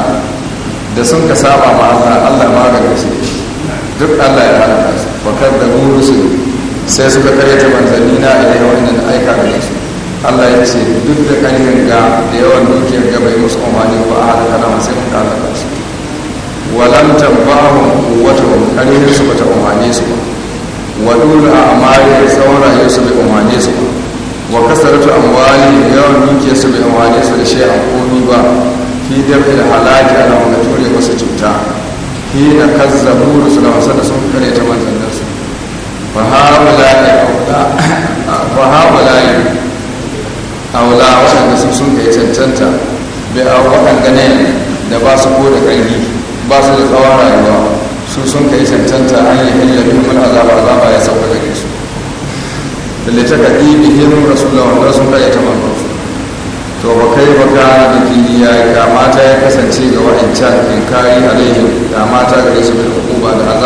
da sun ka saba ma Allah Allah ga shi duk Allah ya haɗa su wa kadda mu sai suka karyata manzanni na da yawan nan aika da su Allah ya ce duk da kanyar ga da yawan dukiyar ga bai musu umarni ba a haɗa na sai yin kala da su walam tabbahum wata kanyar su bata umarni su ba wa dul a'mali tsawon rayuwar su bai umarni su ba wa ta amwali yawan dukiyar su bai umarni su da shi a komi ba fi da halaki ana wani ture wasu cuta hina kazzabu rusulama da sun karyata manzanni fahawalaye aula waɗanda su sun kai cancanta bai a waɗanda ne da ba su ko da ƙangi ba su da tsawon rayuwa su sun kai cancanta an yi hanyar himmin azaba azaba ya sauka da su da lita ka ɗibi hirin rasulun wanda sun kai ta manzo to ba kai ba ka da kini ya yi kamata ya kasance ga wa'ancan in ka kayi alaihim kamata gare su da hukuma da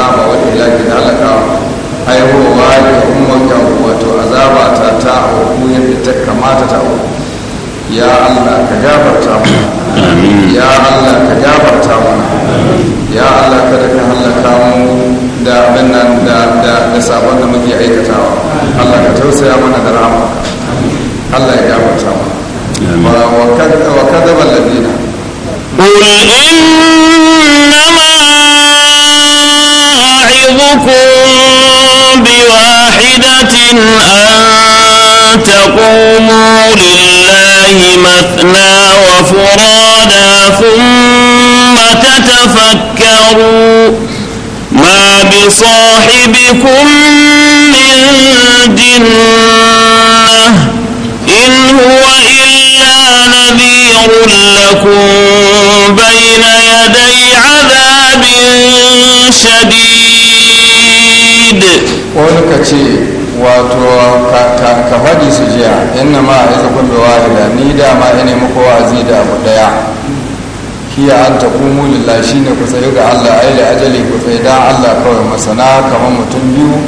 kamar mutum biyu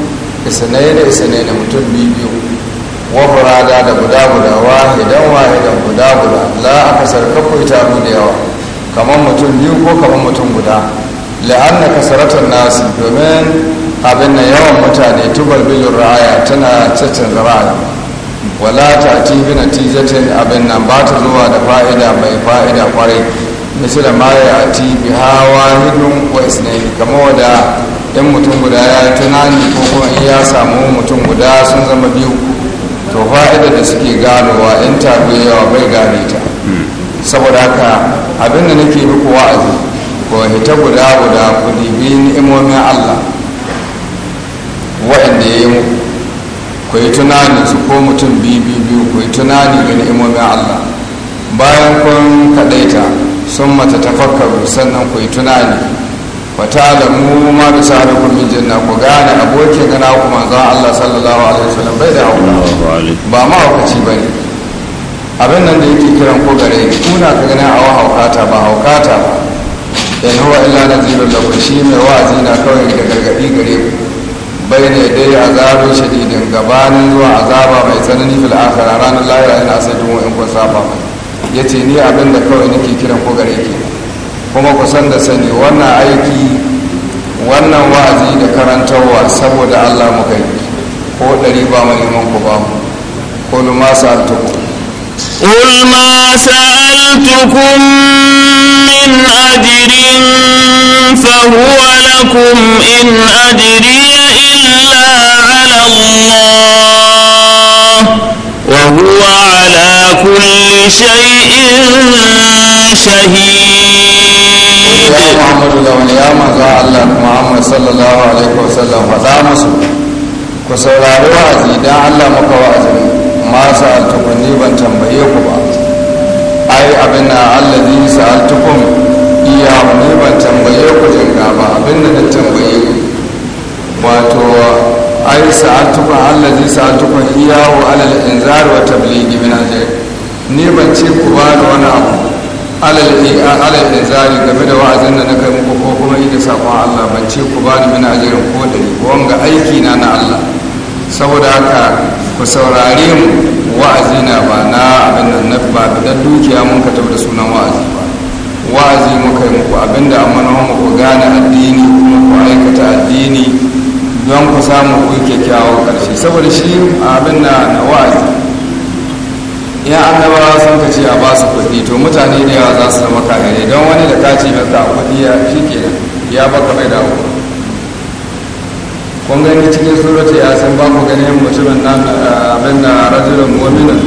isanai da isanai da mutum biyu biyu wafurada da guda guda wahidan wahidan guda guda la a kasar kakwai taru da yawa kamar mutum biyu ko kamar mutum guda la'anna kasaratar nasi domin abin na yawan mutane tubar bilin ra'aya tana cacin ra'aya wala ta tibi na tijatin abin nan ba ta zuwa da fa'ida mai fa'ida kwarai misali ma ya tibi hawa hidin wa isnai kamar da in mutum guda ya yi tunani ko kuma in ya samu mutum guda sun zama biyu to fa'ida da suke ganowa in tafi yawa bai gane ta saboda haka abinda nake muku wa'azi ko hita guda guda ku dibi ni'imomin Allah waɗanda ya yi muku ku yi tunani su ko mutum biyu biyu ku yi tunani ga ni'imomin Allah bayan kun kaɗaita sun mata tafakkaru sannan ku yi tunani fata da mu ma da sa'ada kun min janna ku gane abokin gana ku manzon Allah sallallahu alaihi wasallam bai da hauka ba ma haukaci bane abin nan da yake kiran ko gare ni kuna ka gane a haukata ba haukata ba in huwa illa nazirun lakum shi mai wa'azi na kawai da gargadi gare ku ne dai azabin shadidin gabanin zuwa azaba mai tsanani fil akhirah ranar lahira ina sai dumo in kun saba yace ni abin da kawai nake kiran ko gare ki kuma kusan da sani wannan aiki wannan wa'azi da karantarwa saboda allah mu kai ko ɗari ba mai iman ku ba mu ko ma sa'altuku قل ما سألتكم من أجر فهو لكم إن أجري إلا على الله وهو على كل شيء شهيد ya muhammadu da wani ya manzo Allah muhammad sallallahu alaihi wasallam faɗa musu ku saurari wa'azi dan Allah muka wa'azi ma sa'altukum ni ban tambaye ku ba ai abin na allazi sa'altukum iya ni ban tambaye ku jinga ba abin da na tambaye ku wato ai sa'altukum allazi sa'altukum iyahu alal inzar wa tabligh min ajr ni ban ce ku ba da wani abu alal izari game da wa'azin da na kai muku ko kuma ida sakon Allah ban ce ku bani min ajirin ko ko wanga aiki na na Allah saboda haka ku saurare mu wa'azi na ba na abin da na ba da dukiya mun ka da sunan wa'azi ba wa'azi mu kai muku abin da amma mu ku gane addini kuma ku aikata addini don ku samu ku kyakkyawan karshe saboda shi abin na wa'azi ya annabawa sun ka ce a ba su kudi to mutane da yawa za su zama kagare don wani da ka ce ka kudi ya shi kenan ya baka mai da uku kun gani cikin surata ya san ba ku ganin mutumin nan eh, abin da rajulun mu'minin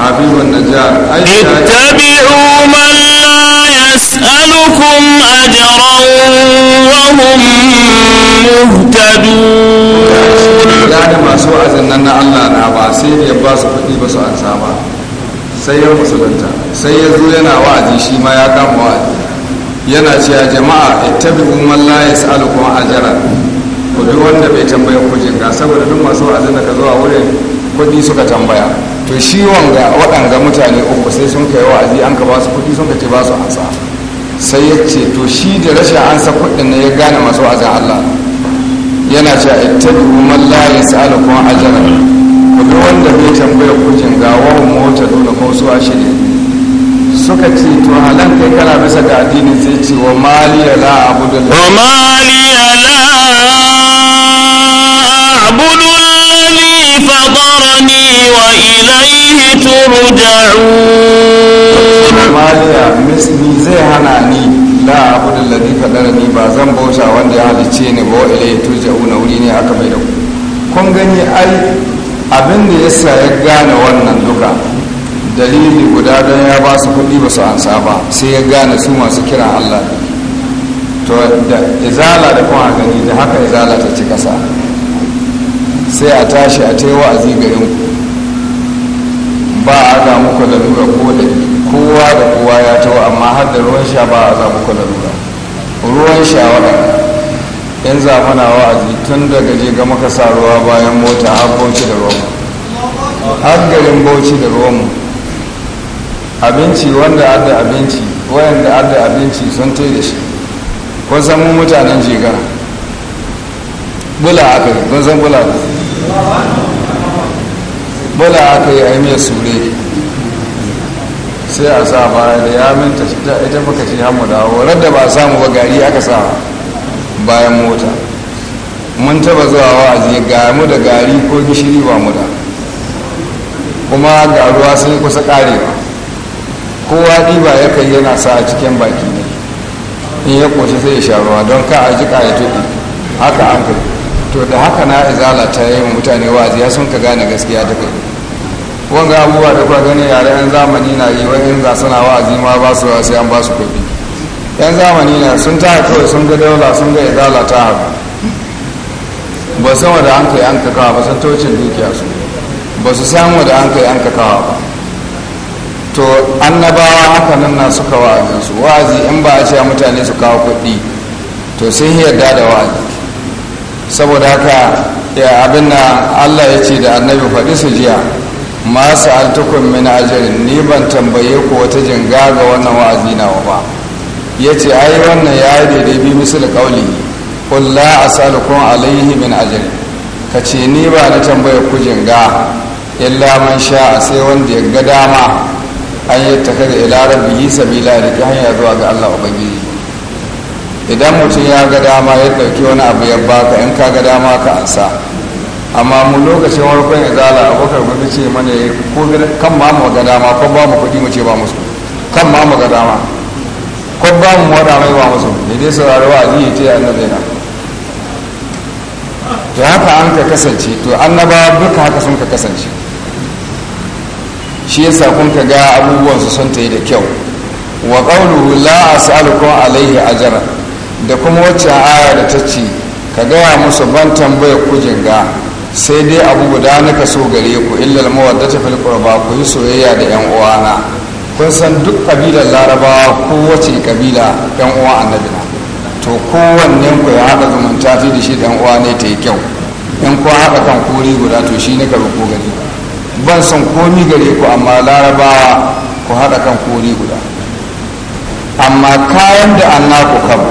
habibun najjar aisha ittabi'u man la yas'alukum ajran wa hum muhtadun ya da masu azin nan na Allah na ba sai da ya ba su kudi ba su an saba sai ya musulunta sai ya zo yana wa'azi shi ma ya kama wa'azi yana cewa jama'a ittabi'u man la yas'alukum ajran ku duk wanda bai tambaya kuje ga saboda duk masu wa'azi da ka zo a wurin kuɗi suka tambaya to shi wanga waɗanga mutane uku sai sun kai wa'azi an ka ba su kuɗi sun ka ce ba su ansa sai ya ce to shi da rashin ansa kuɗin ne ya gane masu wa'azin Allah yana cewa ittabi'u man la yas'alukum ajran ku bi wanda bai tambaya kujin ga wawan mota dole ko su ashiri suka ce to halan kai kana bisa ga addini sai ce wa maliya la abudu wa maliya la abudu alladhi fadarani wa ilayhi turja'un maliya misli zai hana ni la abudu alladhi fadarani ba zan bauta wanda ya halice ni ba wa ilayhi na wuri ne aka mai da kun gani ai abin da yasa ya gane wannan duka dalili guda don ya ba su kudi ba su ansa ba sai ya gane su masu kiran allah to da izala da kuma gani da haka izala ta ci kasa sai a tashi a taiwa a zigarin ba a ga muku da lura ko da kowa da kowa ya tawo amma har da ruwan sha ba a za muku da lura ruwan sha waɗanda yan za mana wa'azi tun daga je ga muka sa ruwa bayan mota har bauchi da ruwanmu har garin bauchi da ruwanmu abinci wanda adda abinci wayanda adda abinci sun tai da shi kun san mu mutanen jega bula aka yi kun san bula ku bula aka yi mai sure sai a sa baya da ya minta ita muka ce hamu dawo wadanda ba samu ba gari aka sa bayan mota mun taba zuwa wa'azi ga mu da gari ko gishiri ba mu da kuma ga ruwa sun kusa karewa kowa ɗiba ya kai yana sa a cikin baki ne in ya koshi sai ya sha ruwa don ka a jika ya tuɗi haka an kai to da haka na izala ta yi mutane wa'azi ya sun ka gane gaskiya ta kai wanga abubuwa da kwa gani yare yan zamani na yi wani za suna wa'azi ma ba su sai an ba su kuɗi yan zamani na sun ta kawai sun ga daula sun ga izala ta haku ba su san wada an kai an kakawa ba san tocin dukiya su ba su san wada an kai an kakawa ba to annabawa haka nan na suka su wa'azi in ba a ce mutane su kawo kuɗi to sun yarda da wa'azi saboda haka ya abin na allah ya ce da annabi faɗi su jiya masu altukun min ajirin ni ban tambaye ku wata jinga ga wannan wa'azi nawa ba ya ce ai wannan ya yi daidai bi da kauli qul a asalukum alaihi min ajin ka ce ni ba na tambaya kujin ga illa man sha a sai wanda ya ga dama an yi da ilarar rabbihi sabila da ki hanya zuwa ga Allah ubangiji idan mutum ya ga dama ya dauki wani abu ya baka in ka ga dama ka ansa amma mu lokacin warkon izala abokan gudu ce mana ya ko kan ma mu ga dama ko ba mu kuɗi mu ce ba musu kan ma mu ga dama ko ba mu wada mai ba musu ne dai saurari wa ji ce annabi na to haka an ka kasance to annaba duka haka sun ka kasance shi yasa kun ka ga abubuwan su sun yi da kyau wa qawluhu la as'alukum alayhi ajra da kuma wacce aya da ta ce ka gaya musu ban tambaya kujin ga sai dai abu guda na ka so gare ku illal mawaddata fil qurba ku yi soyayya da yan uwana kun san duk kabilar larabawa kowace kabila yan uwa annabi na to kowanne ku ya haɗa zumunta ta da shi dan uwa ne ta yi kyau in ku haka kan kori guda to shi ne ka ko gani ban san komi gare ku amma larabawa ku haka kan kori guda amma kayan da an ku kabu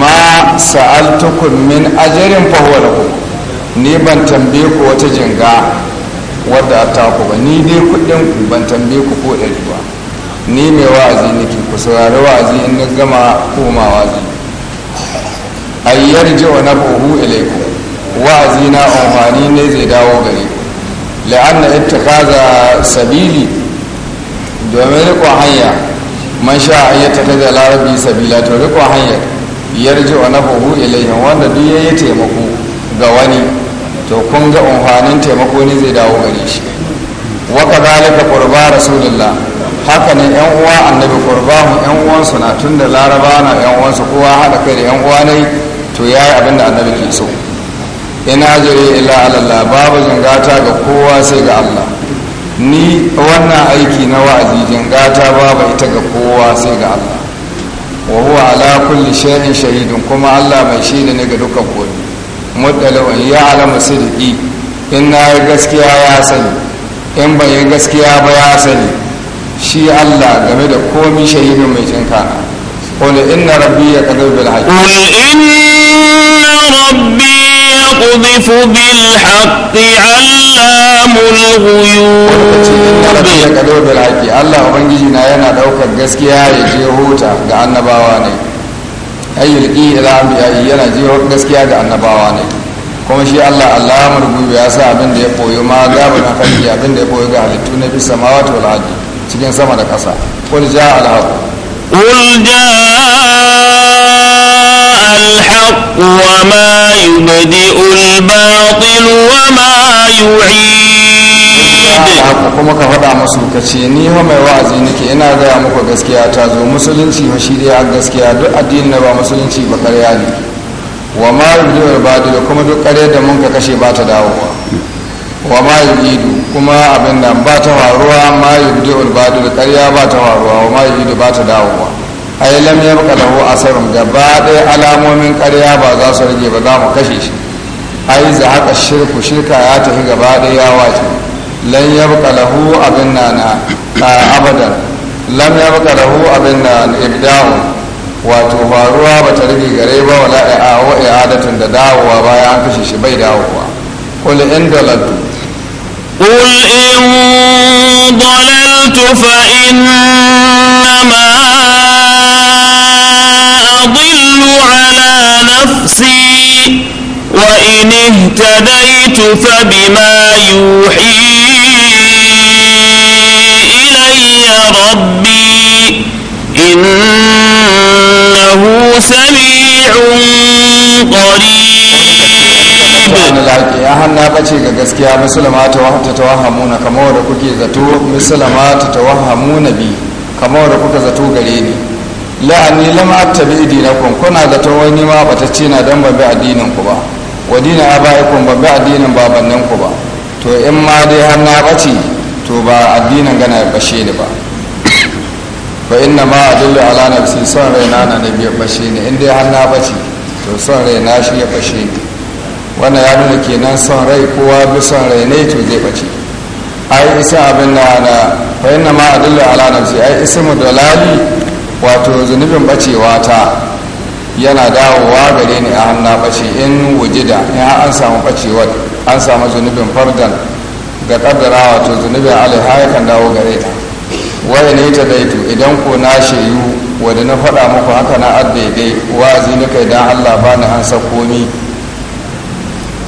ma sa'altukum min ajarin huwa lakum ni ban tambaye ku wata jinga wadda a taku ba ni dai kudin ku ban tambaye ku ko ɗari ba ni mai wa'azi nake ku saurari wa'azi in na gama koma wa'azi ayyar jiwa na buhu ilaiku wa'azi na amfani ne zai dawo gare ku ita kaza sabili domin riko hanya man sha hanyar ta da larabi sabila to riƙon hanyar yarji wa buhu ilayhim wanda duk yayi taimako ga wani to kun ga umfanin taimako ne zai dawo gare shi wa kadhalika qurba rasulullah haka ne yan uwa annabi qurba mu yan uwansu na tun da laraba na yan uwansu kowa hada kai da yan uwa ne to ya yi abin da annabi ke so ina jire ila alalla babu jingata ga kowa sai ga Allah ni wannan aiki na wa'azi jingata babu ita ga kowa sai ga Allah wa huwa ala kulli shay'in shahidun kuma Allah mai shaida ne ga dukkan mutalawan ya alama sidiki in na yi gaskiya ya sani in ban yi gaskiya ba ya sani shi allah game da komi shahidin mai cinkana قل إن ربي يقذف بالحق قل إن ربي يقذف بالحق علام الغيوب إن ربي يقذف na yana أبنجي gaskiya ya قسكيا يجي ga annabawa ne. ayyul ila yana jiro gaskiya ga annabawa ne kuma shi Allah alamar gobe ya sa abin da ya koyo ma gaba na kalli abin da ya koyo ga halittu na bisa ma wato wal'adu cikin sama da ƙasa qul ja al-haq qul ja'a al wa ma yubdi al-batil wa ma yu'id kuma ka faɗa musu ka ce ni ma mai wa'azi nake ina gaya muku gaskiya ta zo musulunci ma shi dai gaskiya duk addini na ba musulunci ba karya ne wa ma yudu ba da kuma duk ƙarya da mun ka kashe ba ta dawowa wa ma yudu kuma abin da ba ta faruwa ma yudu ba da ƙarya ba ta faruwa wa ma yudu ba ta dawowa ai lam yabqa lahu asarun gaba ɗaya alamomin ƙarya ba za su rage ba za mu kashe shi ai za haka shirku shirka ya tafi gaba ɗaya ya wace لن يبقى له أبنان آه، أبدا لم يبقى له أبنان إبداع وتفاروا بتربي قريبا ولا إعادة تداو وبايا أنفسي شبيدا هو قل إن دلت قل إن ضللت فإنما أضل على نفسي وإن اهتديت فبما يوحي إلي ربي إنه سميع قريب ya hanna bace ga gaskiya musulma ta wahata ta wahamuna kamar da kuke zato musulma ta tawahamuna bi kamar da kuka zato gare ni la'ani lam attabi dinakum kuna zato wani ma batacce na dan ban bi addinin ku ba wa dinin abaikum ban addinin babannin ku ba to in ma dai har na ɓace to ba addinin gana ya ɓashe ni ba ba inna ma a adullu ala fi son raina na nabi ya ɓashe ni in dai har na ɓace to son raina shi ya ɓashe ni wannan ya nuna kenan son rai kowa bi son rai ne to zai ɓace ai isa abin na na fa inna ma adullu ala nafsi ai mu dalali wato zunubin bacewa ta yana dawowa gare ni a hannu ɓace in wujida in an samu ɓacewar an samu zunubin fardan ga kaddarawa to zunubin alaiha ya kan dawo gare ta waye ne ta daitu idan ko na shayu wadda na faɗa muku haka na addaidai wa'azi nika idan allah ba ni an sako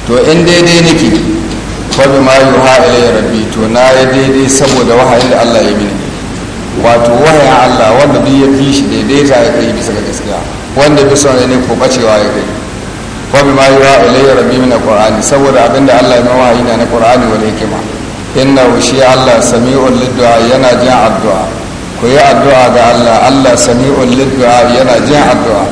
to in daidai nake fabi ma yi ha ya rabbi to na yi daidai saboda wahayin da allah ya mini wato wahayin allah wanda duk ya fi shi ta ya kai bisa ga gaskiya wanda bisa ne ko bacewa ya kai wabi ma yi ya ilayya rabbi min alqur'ani saboda abinda Allah ya mawahi na na qur'ani wal hikima inna shi Allah sami'ul lid'a yana jin addu'a ku yi addu'a ga Allah Allah sami'ul lid'a yana jin addu'a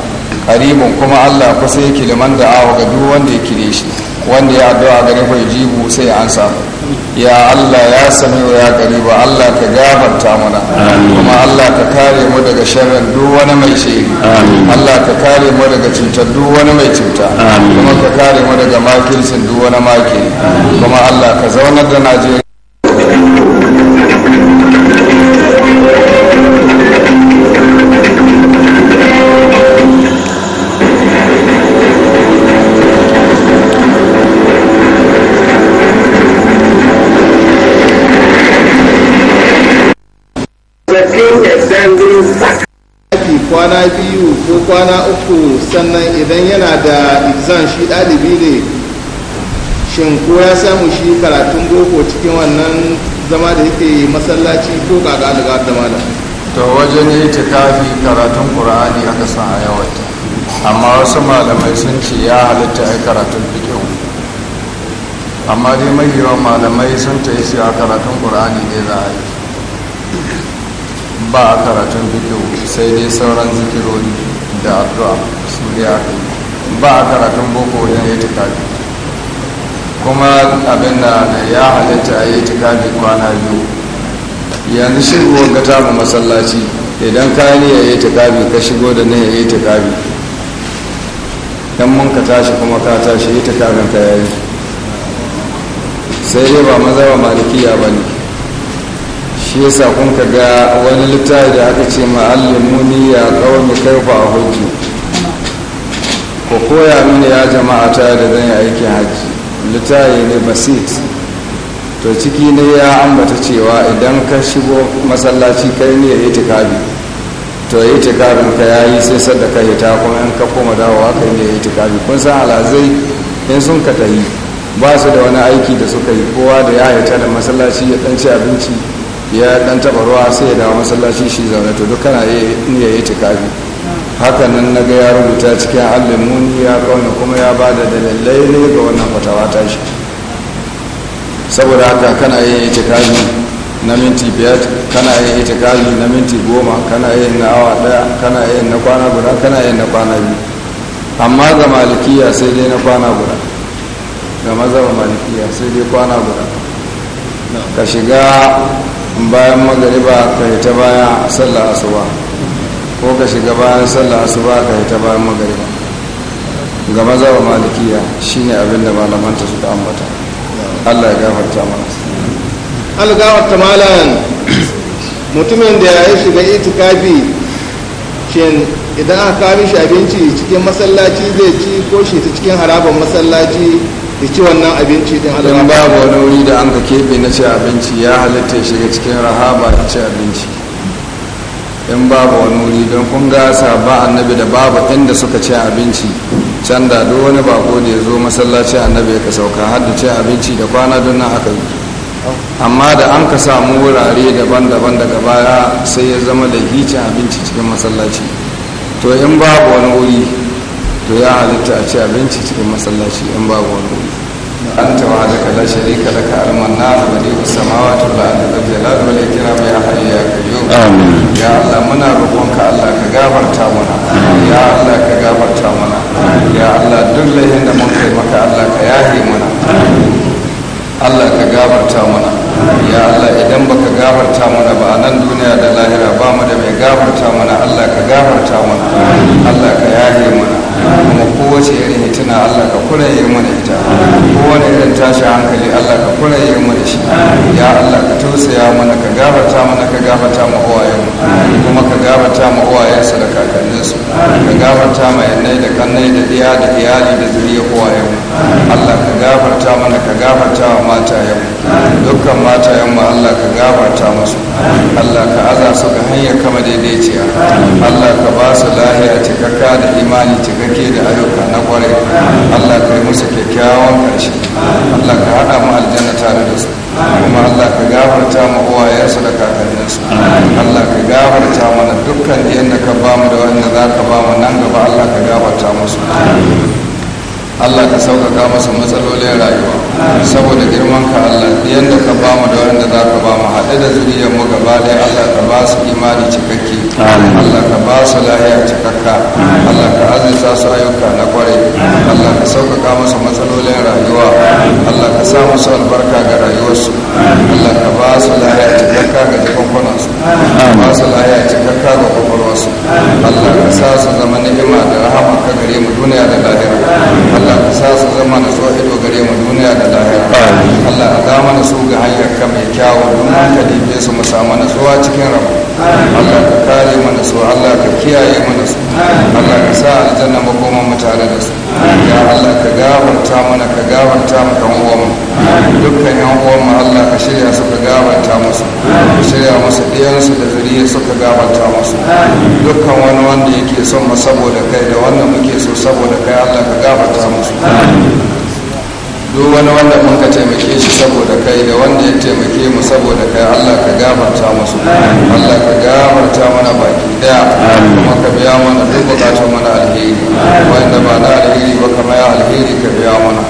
karibun kuma Allah kusa yake liman da'a ga duk wanda ya kire shi wanda ya addu'a gare ku jibu sai an samu ya Allah ya sami ya gari ba Allah ka gafarta mana kuma Allah ka kare mu daga sharrin duk wani mai shiri Allah ka kare mu daga cutar duk wani mai cuta kuma ka kare mu daga makircin duk wani makiri kuma Allah ka zaunar da Najeriya kwana biyu ko kwana uku sannan idan yana da exam shi ɗalibi ne shin ko ya samu shi karatun boko cikin wannan zama da yake masallaci ko ga daga da malam to wajen yi tikafi karatun qur'ani aka san a yawaita amma wasu malamai sun ce ya halitta ai karatun fiqh amma dai mai yawan malamai sun ta yi karatun qur'ani ne za a yi ba a karatun bidiyo, sai dai sauran zikirori da addu'a su ne a kai. ba a karatun boko wajen ya tikafi kuma abin da ya halitta a yi tikafi kwana biyu yanzu shigowar ga tamu masallaci idan ka ni ya yi tikafi ka shigo da na ya yi tikafi dan mun ka tashi kuma ka tashi yi tikafin ka yayi sai dai ba maza ba malikiya ba ne shi yasa kun ka ga wani littafi da aka ce ma'allimuni ya mai kaifa a hujju ko koya mini ya jama'a ta da zan yi aikin hajji littafi ne basit to ciki ne ya ambata cewa idan ka shigo masallaci kai ne ya itikabi to ya itikabin ka ya yi sai sadda ka hita kuma in ka koma dawowa kai ne ya yi tikabi kun san alazai in sun ka tahi ba su da wani aiki da suka yi kowa da ya hita da masallaci ya ɗanci abinci ya dan taba ruwa sai ya dawo masallaci shi zaune to duk kana iya yi tikafi haka nan na ga ya rubuta cikin allimuni ya kauna kuma ya ba da dalilai ne ga wannan fatawa ta shi saboda haka kana iya yi tikafi na minti biyar kana iya yi tikafi na minti goma kana iya na awa daya kana iya na kwana guda kana iya na kwana biyu amma ga malikiya sai dai na kwana guda ga mazaba malikiya sai dai kwana guda ka shiga bayan magariba ka yi ta bayan sallah asuba ko ka shiga bayan sallah asuba ka yi ta bayan magariba ga maza wa malikiya shine abin da malamanta suka ambata allah ya gafarta mana allah gafarta malam mutumin da ya shiga itikafi shin idan aka kawo shi abinci cikin masallaci zai ci ko shi ta cikin harabar masallaci ci wannan abinci din Allah ba ba wani wuri da an ka keɓe na ci abinci ya halitta ya shiga cikin rahaba ya ci abinci in ba ba wani wuri don kun gasa ba annabi da babu inda suka ci abinci can da duk wani bako da ya zo masallaci annabi ya ka sauka har da ci abinci da kwana don nan aka yi amma da an ka samu wurare daban-daban daga baya sai ya zama da hicin abinci cikin masallaci to in babu wani wuri to ya halitta a ci abinci cikin masallaci in babu wani anta wa hadaka la sharika laka al-mannan wa li samawati wa al-ardi wa jalal wa ikram ya hayy ya qayyum amin ya allah muna roƙonka allah ka gafarta mana ya allah ka gafarta mana ya allah duk lahin da mun kai maka allah ka yahe mana allah ka gafarta mana ya allah idan baka gafarta mana ba nan duniya da lahira ba mu da mai gafarta mana allah ka gafarta mana allah ka yahe mana kowace irin tuna Allah ka kula yi mana ita kowane irin tashi hankali Allah ka kula yi mana shi ya Allah ka tausaya mana ka gabata mana ka gabata ma uwayen kuma ka gabata ma su da kakanninsu ka gabata ma yanayi da kannai da iya da iyali da zuriya uwayen Allah ka gafarta mana ka gafarta wa yau. dukkan mata yau mu Allah ka gafarta musu Allah ka aza su ga hanyar kama daidaiciya Allah ka ba su lahiya cikakka da imani cikakke da ayyuka na kwarai Allah ka yi musu kyakkyawan ƙarshe Allah ka haɗa mu aljanna tare da su kuma Allah ka gafarta mu uwayensu da kakanninsu Allah ka gafarta mana dukkan yadda ka ba mu da wanda za ka ba mu nan gaba Allah ka gafarta musu Allah ka sauƙaƙa masu matsalolin rayuwa saboda girman ka Allah yadda ka ba mu da wanda za ka ba mu haɗe da zuriyar mu gaba ɗaya Allah ka ba su imani cikakke Allah ka ba su lahiya cikakka Allah ka azurta su ayyuka na ƙwarai. Allah ka sauƙaƙa masu matsalolin rayuwa Allah ka sa musu albarka ga rayuwarsu Allah ka ba su lahiya cikakka ga jikunkunansu ba su lahiya cikakka ga kwakwalwarsu Allah ka sa su zama ni'ima da rahama ka gare mu duniya da lahira Allah ka sa su zama na so ido gare mu duniya da lahira Allah ka da mana su ga hanyar ka mai kyawu don ka dibe su mu samu nasuwa cikin rabu Allah ka kare mana su Allah ka kiyaye mana su Allah ka sa aljanna makoma mu tare da su ya Allah ka gawarta mana ka gawarta mu kan uwan mu dukkan yan uwan mu Allah ka shirya su ka gawarta musu ka shirya musu diyan su da zuriyar su ka gafarta musu dukkan wani wanda yake son mu saboda kai da wannan muke so saboda kai Allah ka gafarta musu duk wani wanda mun ka taimake shi saboda kai da wanda ya taimake mu saboda kai Allah ka gafarta musu Allah ka gafarta mana baki daya kuma ka biya mana duk bukatun mana alheri wanda ba na alheri ba kamar ya alheri ka biya mana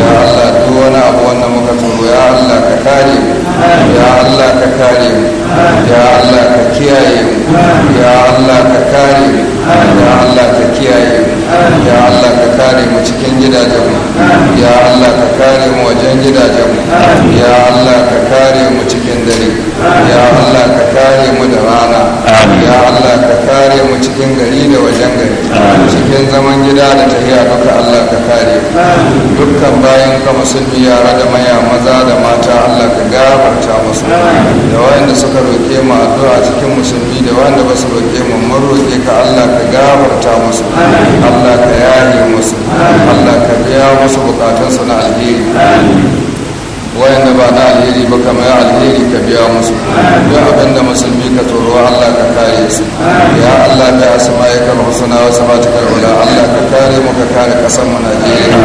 ya Allah duk wani abu wanda muka tsoro ya Allah ka kare mu ya Allah ka kare mu ya Allah ka kiyaye mu ya Allah ka kare mu ya Allah ka kiyaye mu ya Allah ka kare mu cikin gidajen mu ya Allah ka ka kare mu wajen mu ya Allah ka kare mu cikin dare ya Allah ka kare mu da rana ya Allah ka kare mu cikin gari da wajen gari cikin zaman gida da tafiya duka Allah ka kare dukkan bayan ka musulmi yara da maya maza da mata Allah ka gafarta musu da wanda suka roke mu addu'a cikin musulmi da wanda ba su roke mu mun roke ka Allah ka gafarta musu Allah ka yare musu Allah ka biya musu su na Amém. wayanda ba na alheri ba kama ya alheri ka biya musu duk abin da musulmi ka tsoro Allah ka kare su ya Allah da asma'ikal husna wa sifatikal ula Allah ka kare mu ka kare kasan mu Najeriya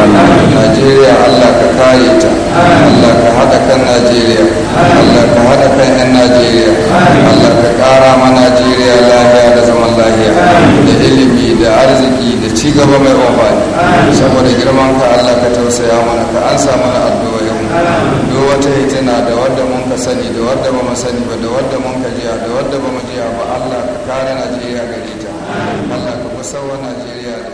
Najeriya Allah ka kare ta Allah ka hada kan Najeriya Allah ka hada kan yan Najeriya Allah ka kara ma Najeriya lafiya da zaman lafiya da ilimi da arziki da cigaba mai amfani saboda girman ka Allah ka tausaya mana ka ansa mana addu'a duk wata hitina da wadda mun ka sani da wadda ba mu sani ba da wadda mun ka jiya da wadda ba mu jiya ba Allah ka kare Najeriya gare ta Allah ka kusa wa Najeriya